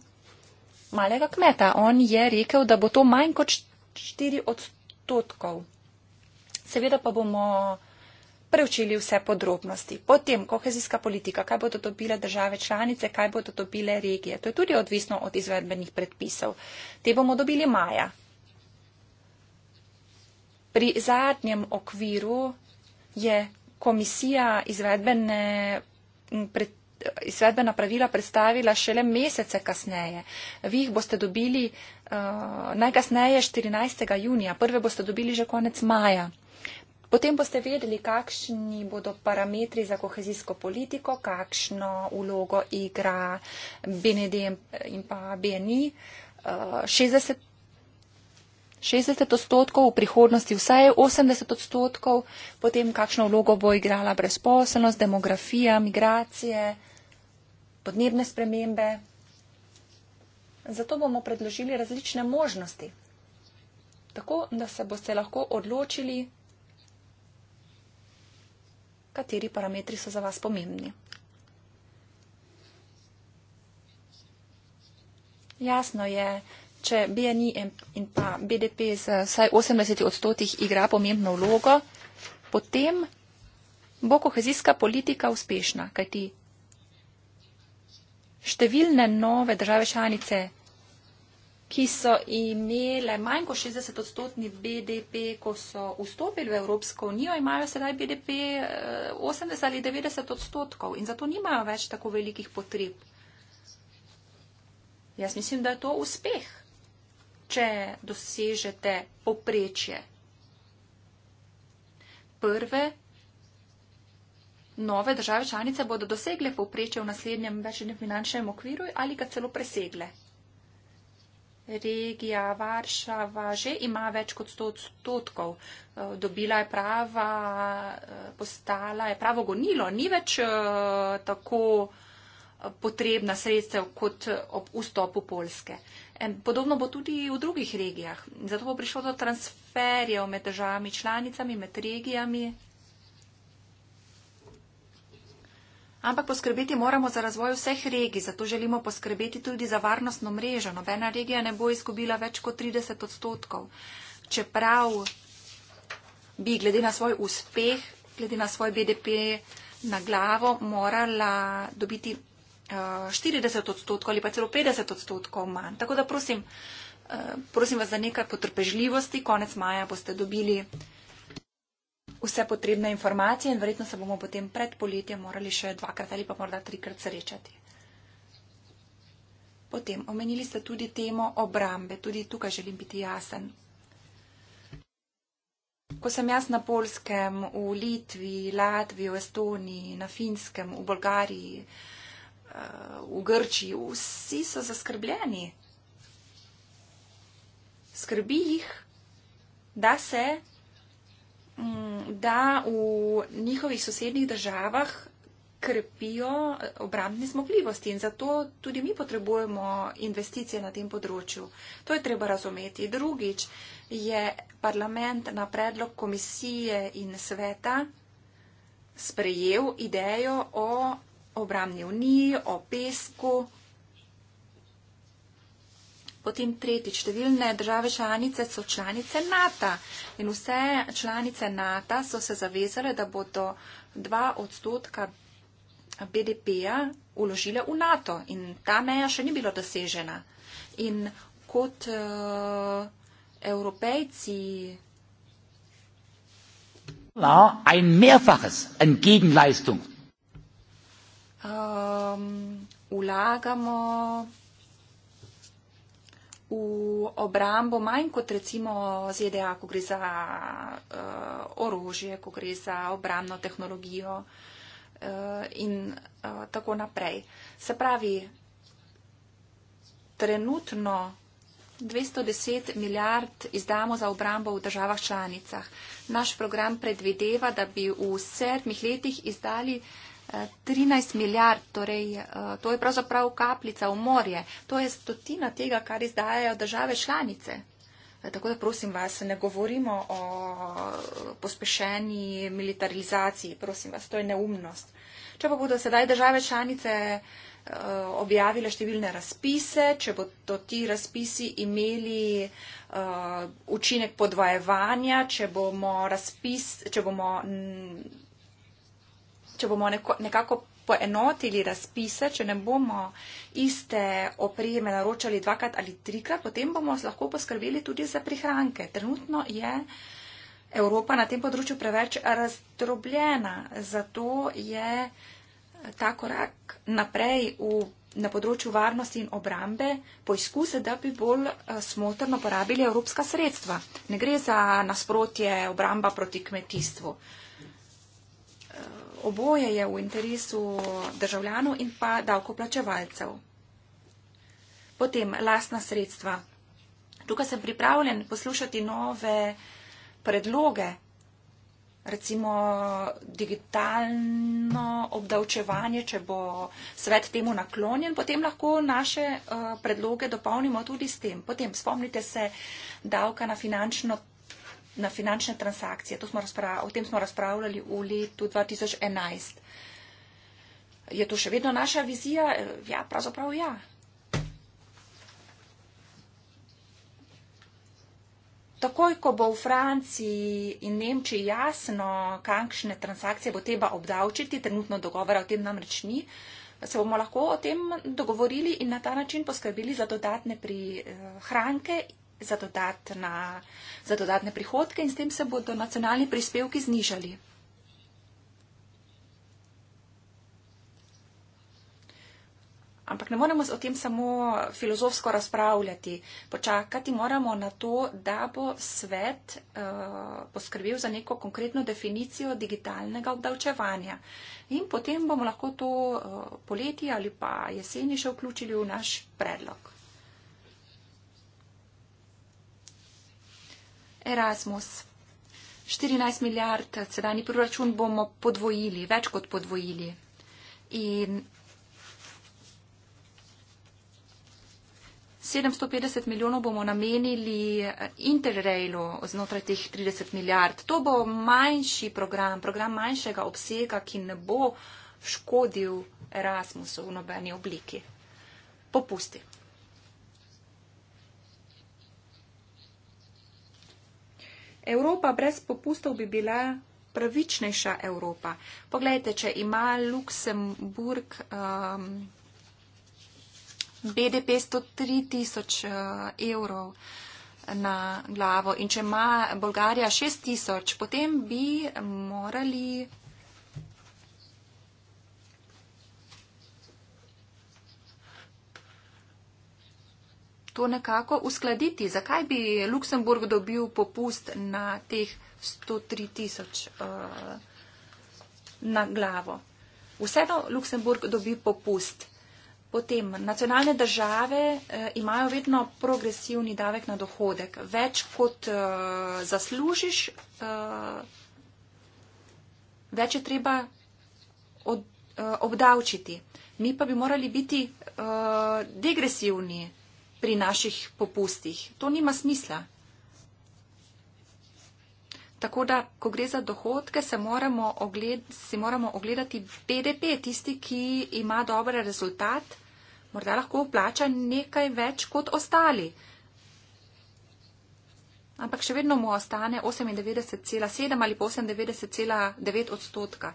malega kmeta. On je rekel, da bo to manj kot 4 odstotkov. Seveda pa bomo preučili vse podrobnosti. Potem kohezijska politika, kaj bodo dobile države članice, kaj bodo dobile regije. To je tudi odvisno od izvedbenih predpisov. Te bomo dobili maja. Pri zadnjem okviru je komisija izvedbene predpisov izvedbena pravila predstavila šele mesece kasneje. Vi jih boste dobili uh, najkasneje 14. junija, prve boste dobili že konec maja. Potem boste vedeli, kakšni bodo parametri za kohezijsko politiko, kakšno ulogo igra BND in pa BNI. 60, 60 odstotkov, v prihodnosti vsaj 80 odstotkov, potem kakšno vlogo bo igrala brezposelnost, demografija, migracije, podnebne spremembe. Zato bomo predložili različne možnosti, tako da se boste lahko odločili, kateri parametri so za vas pomembni. Jasno je, če BNI in pa BDP z vsaj 80 odstotih igra pomembno vlogo, potem bo kohezijska politika uspešna, kajti številne nove države članice ki so imele manj kot 60 odstotni BDP, ko so vstopili v Evropsko unijo, imajo sedaj BDP 80 eh, ali 90 odstotkov in zato nimajo več tako velikih potreb. Jaz mislim, da je to uspeh, če dosežete poprečje prve. Nove države članice bodo dosegle povprečje v naslednjem večjem finančnem okviru ali ga celo presegle regija Varšava že ima več kot 100 odstotkov. Eh, dobila je prava, eh, postala je pravo gonilo, ni več eh, tako potrebna sredstev kot ob vstopu Polske. Podobno bo tudi v drugih regijah. Zato bo prišlo do transferjev med državami članicami, med regijami. Ampak poskrbeti moramo za razvoj vseh regij, zato želimo poskrbeti tudi za varnostno mrežo. Nobena regija ne bo izgubila več kot 30 odstotkov. Čeprav bi glede na svoj uspeh, glede na svoj BDP na glavo morala dobiti uh, eh, 40 odstotkov ali pa celo 50 odstotkov manj. Tako da prosim, uh, prosim vas za nekaj potrpežljivosti. Konec maja boste dobili uh, vse potrebne informacije in verjetno se bomo potem pred poletjem morali še dvakrat ali pa morda trikrat srečati. Potem omenili ste tudi temo obrambe. Tudi tukaj želim biti jasen. Ko sem jaz na Polskem, v Litvi, Latviji, v Estoniji, na Finskem, v Bolgariji, eh, v Grčiji, vsi so zaskrbljeni. Skrbi jih, da se Mm, da v njihovih sosednjih državah krepijo eh, obrambne zmogljivosti in zato tudi mi potrebujemo investicije na tem področju. To je treba razumeti. Drugič je parlament na predlog komisije in sveta sprejel idejo o obramni uniji, o pesku, Potem tretji, številne države članice so članice NATO in vse članice NATO so se zavezale, da bodo 2 odstotka BDP-ja uložile v NATO in ta meja še ni bila dosežena. In kot uh, evropejci. Um, ehm, ulagamo v obrambo, manj kot recimo ZDA, ko gre za uh, orožje, ko gre za obrambno tehnologijo uh, in uh, tako naprej. Se pravi, trenutno 210 milijard izdamo za obrambo v državah članicah. Naš program predvideva, da bi v sedmih letih izdali 13 milijard, torej eh, to je pravzaprav kapljica v morje, to je stotina tega, kar izdajajo države članice. Eh, tako da prosim vas, ne govorimo o eh, pospešeni militarizaciji, prosim vas, to je neumnost. Če pa bodo sedaj države članice objavile številne razpise, če bodo ti razpisi imeli učinek podvajevanja, če bomo, razpis, če bomo če bomo neko, nekako poenotili razpise, če ne bomo iste opreme naročali dvakrat ali trikrat, potem bomo lahko poskrbeli tudi za prihranke. Trenutno je Evropa na tem področju preveč razdrobljena, zato je ta korak naprej v, na področju varnosti in obrambe poizkuse, da bi bolj eh, smotrno porabili evropska sredstva. Ne gre za nasprotje obramba proti kmetijstvu. Eh, oboje je v interesu državljanov in pa davkoplačevalcev. Potem lastna sredstva. Tukaj sem pripravljen poslušati nove predloge, recimo digitalno obdavčevanje, če bo svet temu naklonjen, potem lahko naše eh, predloge dopolnimo tudi s tem. Potem spomnite se davka na finančno na finančne transakcije. Smo o tem smo razpravljali v letu 2011. Je to še vedno naša vizija? Ja, pravzaprav ja. Takoj, ko bo v Franciji in Nemčiji jasno, kakšne transakcije bo treba obdavčiti, trenutno dogovora o tem namreč ni, se bomo lahko o tem dogovorili in na ta način poskrbili za dodatne prihranke eh, za, dodatna, za dodatne prihodke in s tem se bodo nacionalni prispevki znižali. Ampak ne moremo o tem samo filozofsko razpravljati. Počakati moramo na to, da bo svet uh, poskrbel za neko konkretno definicijo digitalnega obdavčevanja. In potem bomo lahko to uh, poleti ali pa jeseni še vključili v naš predlog. Erasmus. 14 milijard sedajni proračun bomo podvojili, več kot podvojili. In 750 milijonov bomo namenili eh, Interrailu znotraj teh 30 milijard. To bo manjši program, program manjšega obsega, ki ne bo škodil Erasmusu v nobeni obliki. Popusti. Evropa brez popustov bi bila pravičnejša Evropa. Poglejte, če ima Luksemburg um, BDP 103 tisoč uh, evrov na glavo in če ima Bolgarija 6 tisoč, potem bi morali to nekako uskladiti? Zakaj bi Luksemburg dobil popust na teh 103 tisoč uh, na glavo? Vseeno Luksemburg dobi popust. Potem, nacionalne države uh, imajo vedno progresivni davek na dohodek. Več kot uh, zaslužiš, uh, več je treba od, uh, obdavčiti. Mi pa bi morali biti uh, degresivni, pri naših popustih. To nima smisla. Tako da, ko gre za dohodke, se moramo, ogled, si moramo ogledati BDP, tisti, ki ima dober rezultat, morda lahko vplača nekaj več kot ostali. Ampak še vedno mu ostane 98,7 ali 98,9 odstotka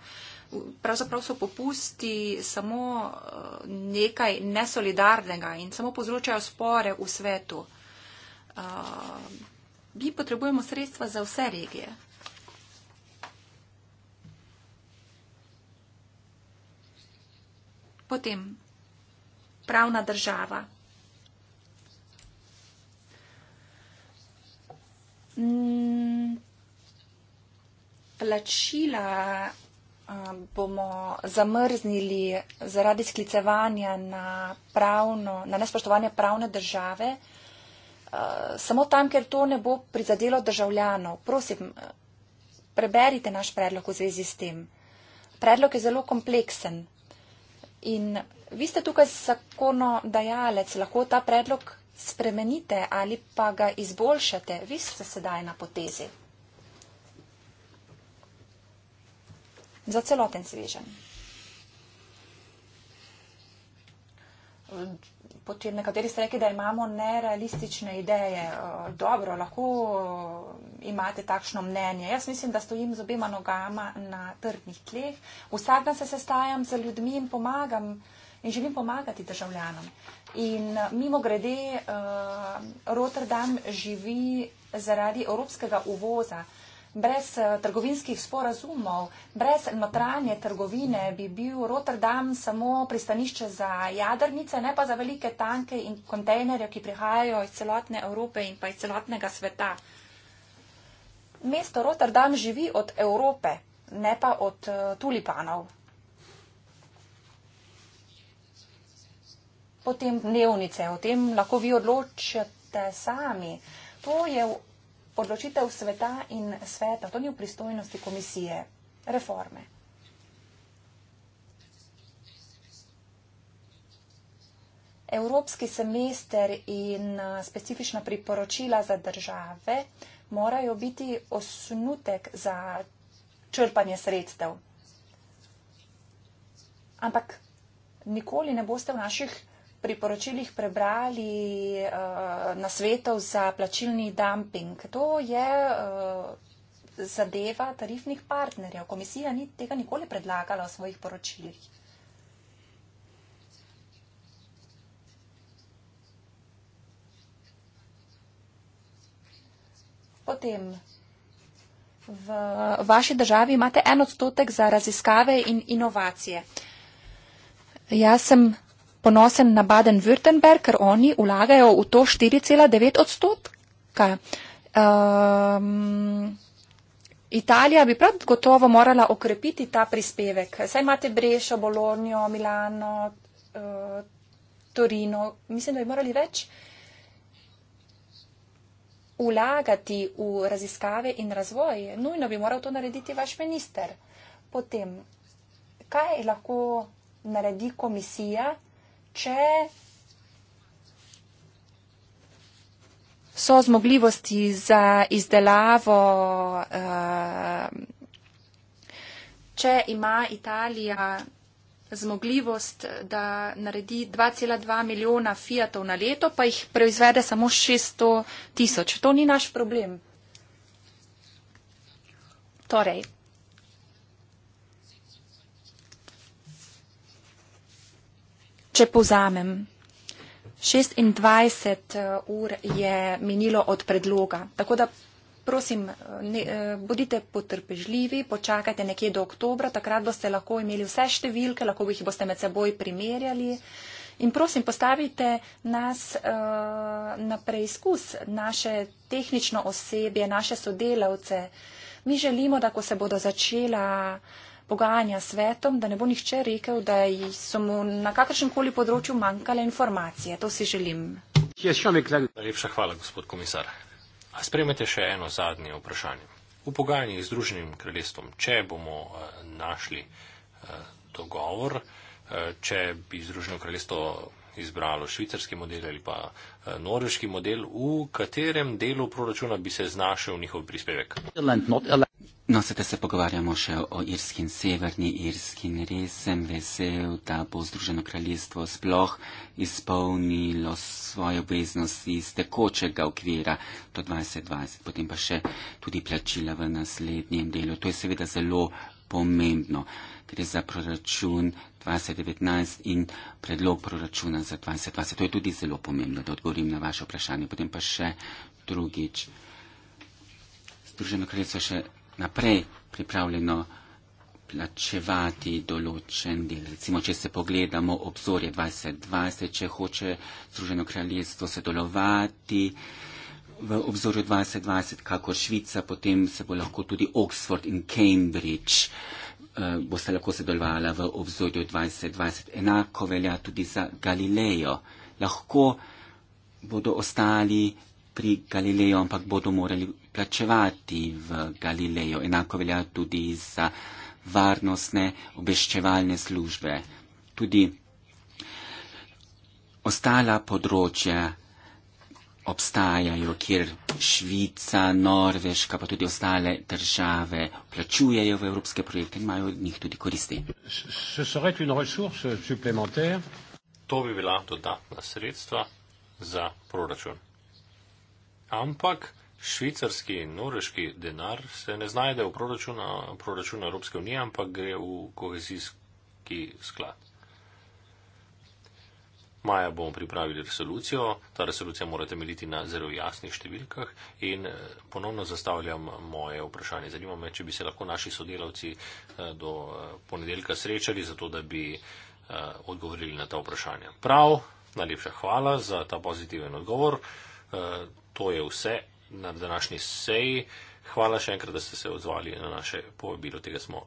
pravzaprav so popusti samo eh, nekaj nesolidarnega in samo povzročajo spore v svetu. Eh, mi potrebujemo sredstva za vse regije. Potem pravna država. Mm, plačila Um, bomo zamrznili zaradi sklicevanja na, pravno, na nespoštovanje pravne države, uh, samo tam, ker to ne bo prizadelo državljanov. Prosim, uh, preberite naš predlog v zvezi s tem. Predlog je zelo kompleksen in vi ste tukaj zakono dajalec, lahko ta predlog spremenite ali pa ga izboljšate, vi ste sedaj na potezi. za celoten svežen. Potem nekateri ste rekli, da imamo nerealistične ideje. Dobro, lahko eh, imate takšno mnenje. Jaz mislim, da stojim z obema nogama na trdnih tleh. Vsak dan se sestajam z ljudmi in pomagam in želim pomagati državljanom. In eh, mimo grede, eh, Rotterdam živi zaradi evropskega uvoza brez eh, trgovinskih sporazumov, brez notranje trgovine bi bil Rotterdam samo pristanišče za jadrnice, ne pa za velike tanke in kontejnerje, ki prihajajo iz celotne Evrope in pa iz celotnega sveta. Mesto Rotterdam živi od Evrope, ne pa od eh, tulipanov. Potem dnevnice, o tem lahko vi odločite sami. To je v odločitev sveta in sveta, to ni v pristojnosti komisije, reforme. Evropski semester in specifična priporočila za države morajo biti osnutek za črpanje sredstev. Ampak nikoli ne boste v naših priporočilih prebrali uh, eh, nasvetov za plačilni dumping. To je uh, zadeva tarifnih partnerjev. Komisija ni tega nikoli predlagala v svojih poročilih. Potem. V vaši državi imate en odstotek za raziskave in inovacije. Jaz sem ponosen na Baden-Württemberg, ker oni ulagajo v to 4,9 odstotka. Um, Italija bi prav gotovo morala okrepiti ta prispevek. Saj imate Brešo, Bolonjo, Milano, uh, Torino. Mislim, da bi morali več ulagati v raziskave in razvoj. Nujno bi moral to narediti vaš minister. Potem, kaj lahko naredi komisija, če so zmogljivosti za izdelavo, eh, če ima Italija zmogljivost, da naredi 2,2 milijona fiatov na leto, pa jih proizvede samo 600 tisoč. To ni naš problem. Torej, Če povzamem, 26 eh, ur je minilo od predloga, tako da prosim, eh, ne, eh, bodite potrpežljivi, počakajte nekje do oktobra, takrat boste lahko imeli vse številke, lahko jih boste med seboj primerjali. In prosim, postavite nas uh, na preizkus, naše tehnično osebje, naše sodelavce. Mi želimo, da ko se bodo začela uh, pogajanja s svetom, da ne bo nihče rekel, da so mu na kakršnem koli področju manjkale informacije. To si želim. Najlepša hvala, gospod komisar. A spremete še eno zadnje vprašanje. V pogajanjih z Združenim kraljestvom, če bomo eh, našli eh, dogovor, eh, če bi Združeno kraljestvo izbralo švicarski model ali pa eh, norveški model, v katerem delu proračuna bi se znašel njihov prispevek? No, sedaj se pogovarjamo še o Irski in Severni Irski in res sem vesel, da bo Združeno kraljestvo sploh izpolnilo svoje obveznosti iz tekočega okvira do 2020, potem pa še tudi plačila v naslednjem delu. To je seveda zelo pomembno gre za proračun 2019 in predlog proračuna za 2020. To je tudi zelo pomembno, da odgovorim na vaše vprašanje. Potem pa še drugič. Združeno kraljestvo še naprej pripravljeno plačevati določen del. Recimo, če se pogledamo obzorje 2020, če hoče Združeno kraljestvo sodelovati v obzorju 2020, kako Švica, potem se bo lahko tudi Oxford in Cambridge uh, eh, bo se lahko sodelovala v obzorju 2020. Enako velja tudi za Galilejo. Lahko bodo ostali pri Galilejo, ampak bodo morali plačevati v Galilejo. Enako velja tudi za varnostne obveščevalne službe. Tudi ostala področja obstajajo, kjer Švica, Norveška, pa tudi ostale države plačujejo v evropske projekte in imajo od njih tudi koristi. To bi bila dodatna sredstva za proračun. Ampak švicarski in norveški denar se ne znajde v proračunu Evropske unije, ampak gre v kohezijski sklad. Maja bomo pripravili resolucijo. Ta resolucija mora temeljiti na zelo jasnih številkah in eh, ponovno zastavljam moje vprašanje. Zanima me, če bi se lahko naši sodelavci eh, do eh, ponedeljka srečali, zato da bi odgovorili na ta vprašanja. Prav, najlepša hvala za ta pozitiven odgovor. To je vse na današnji seji. Hvala še enkrat, da ste se odzvali na naše povabilo. Tega smo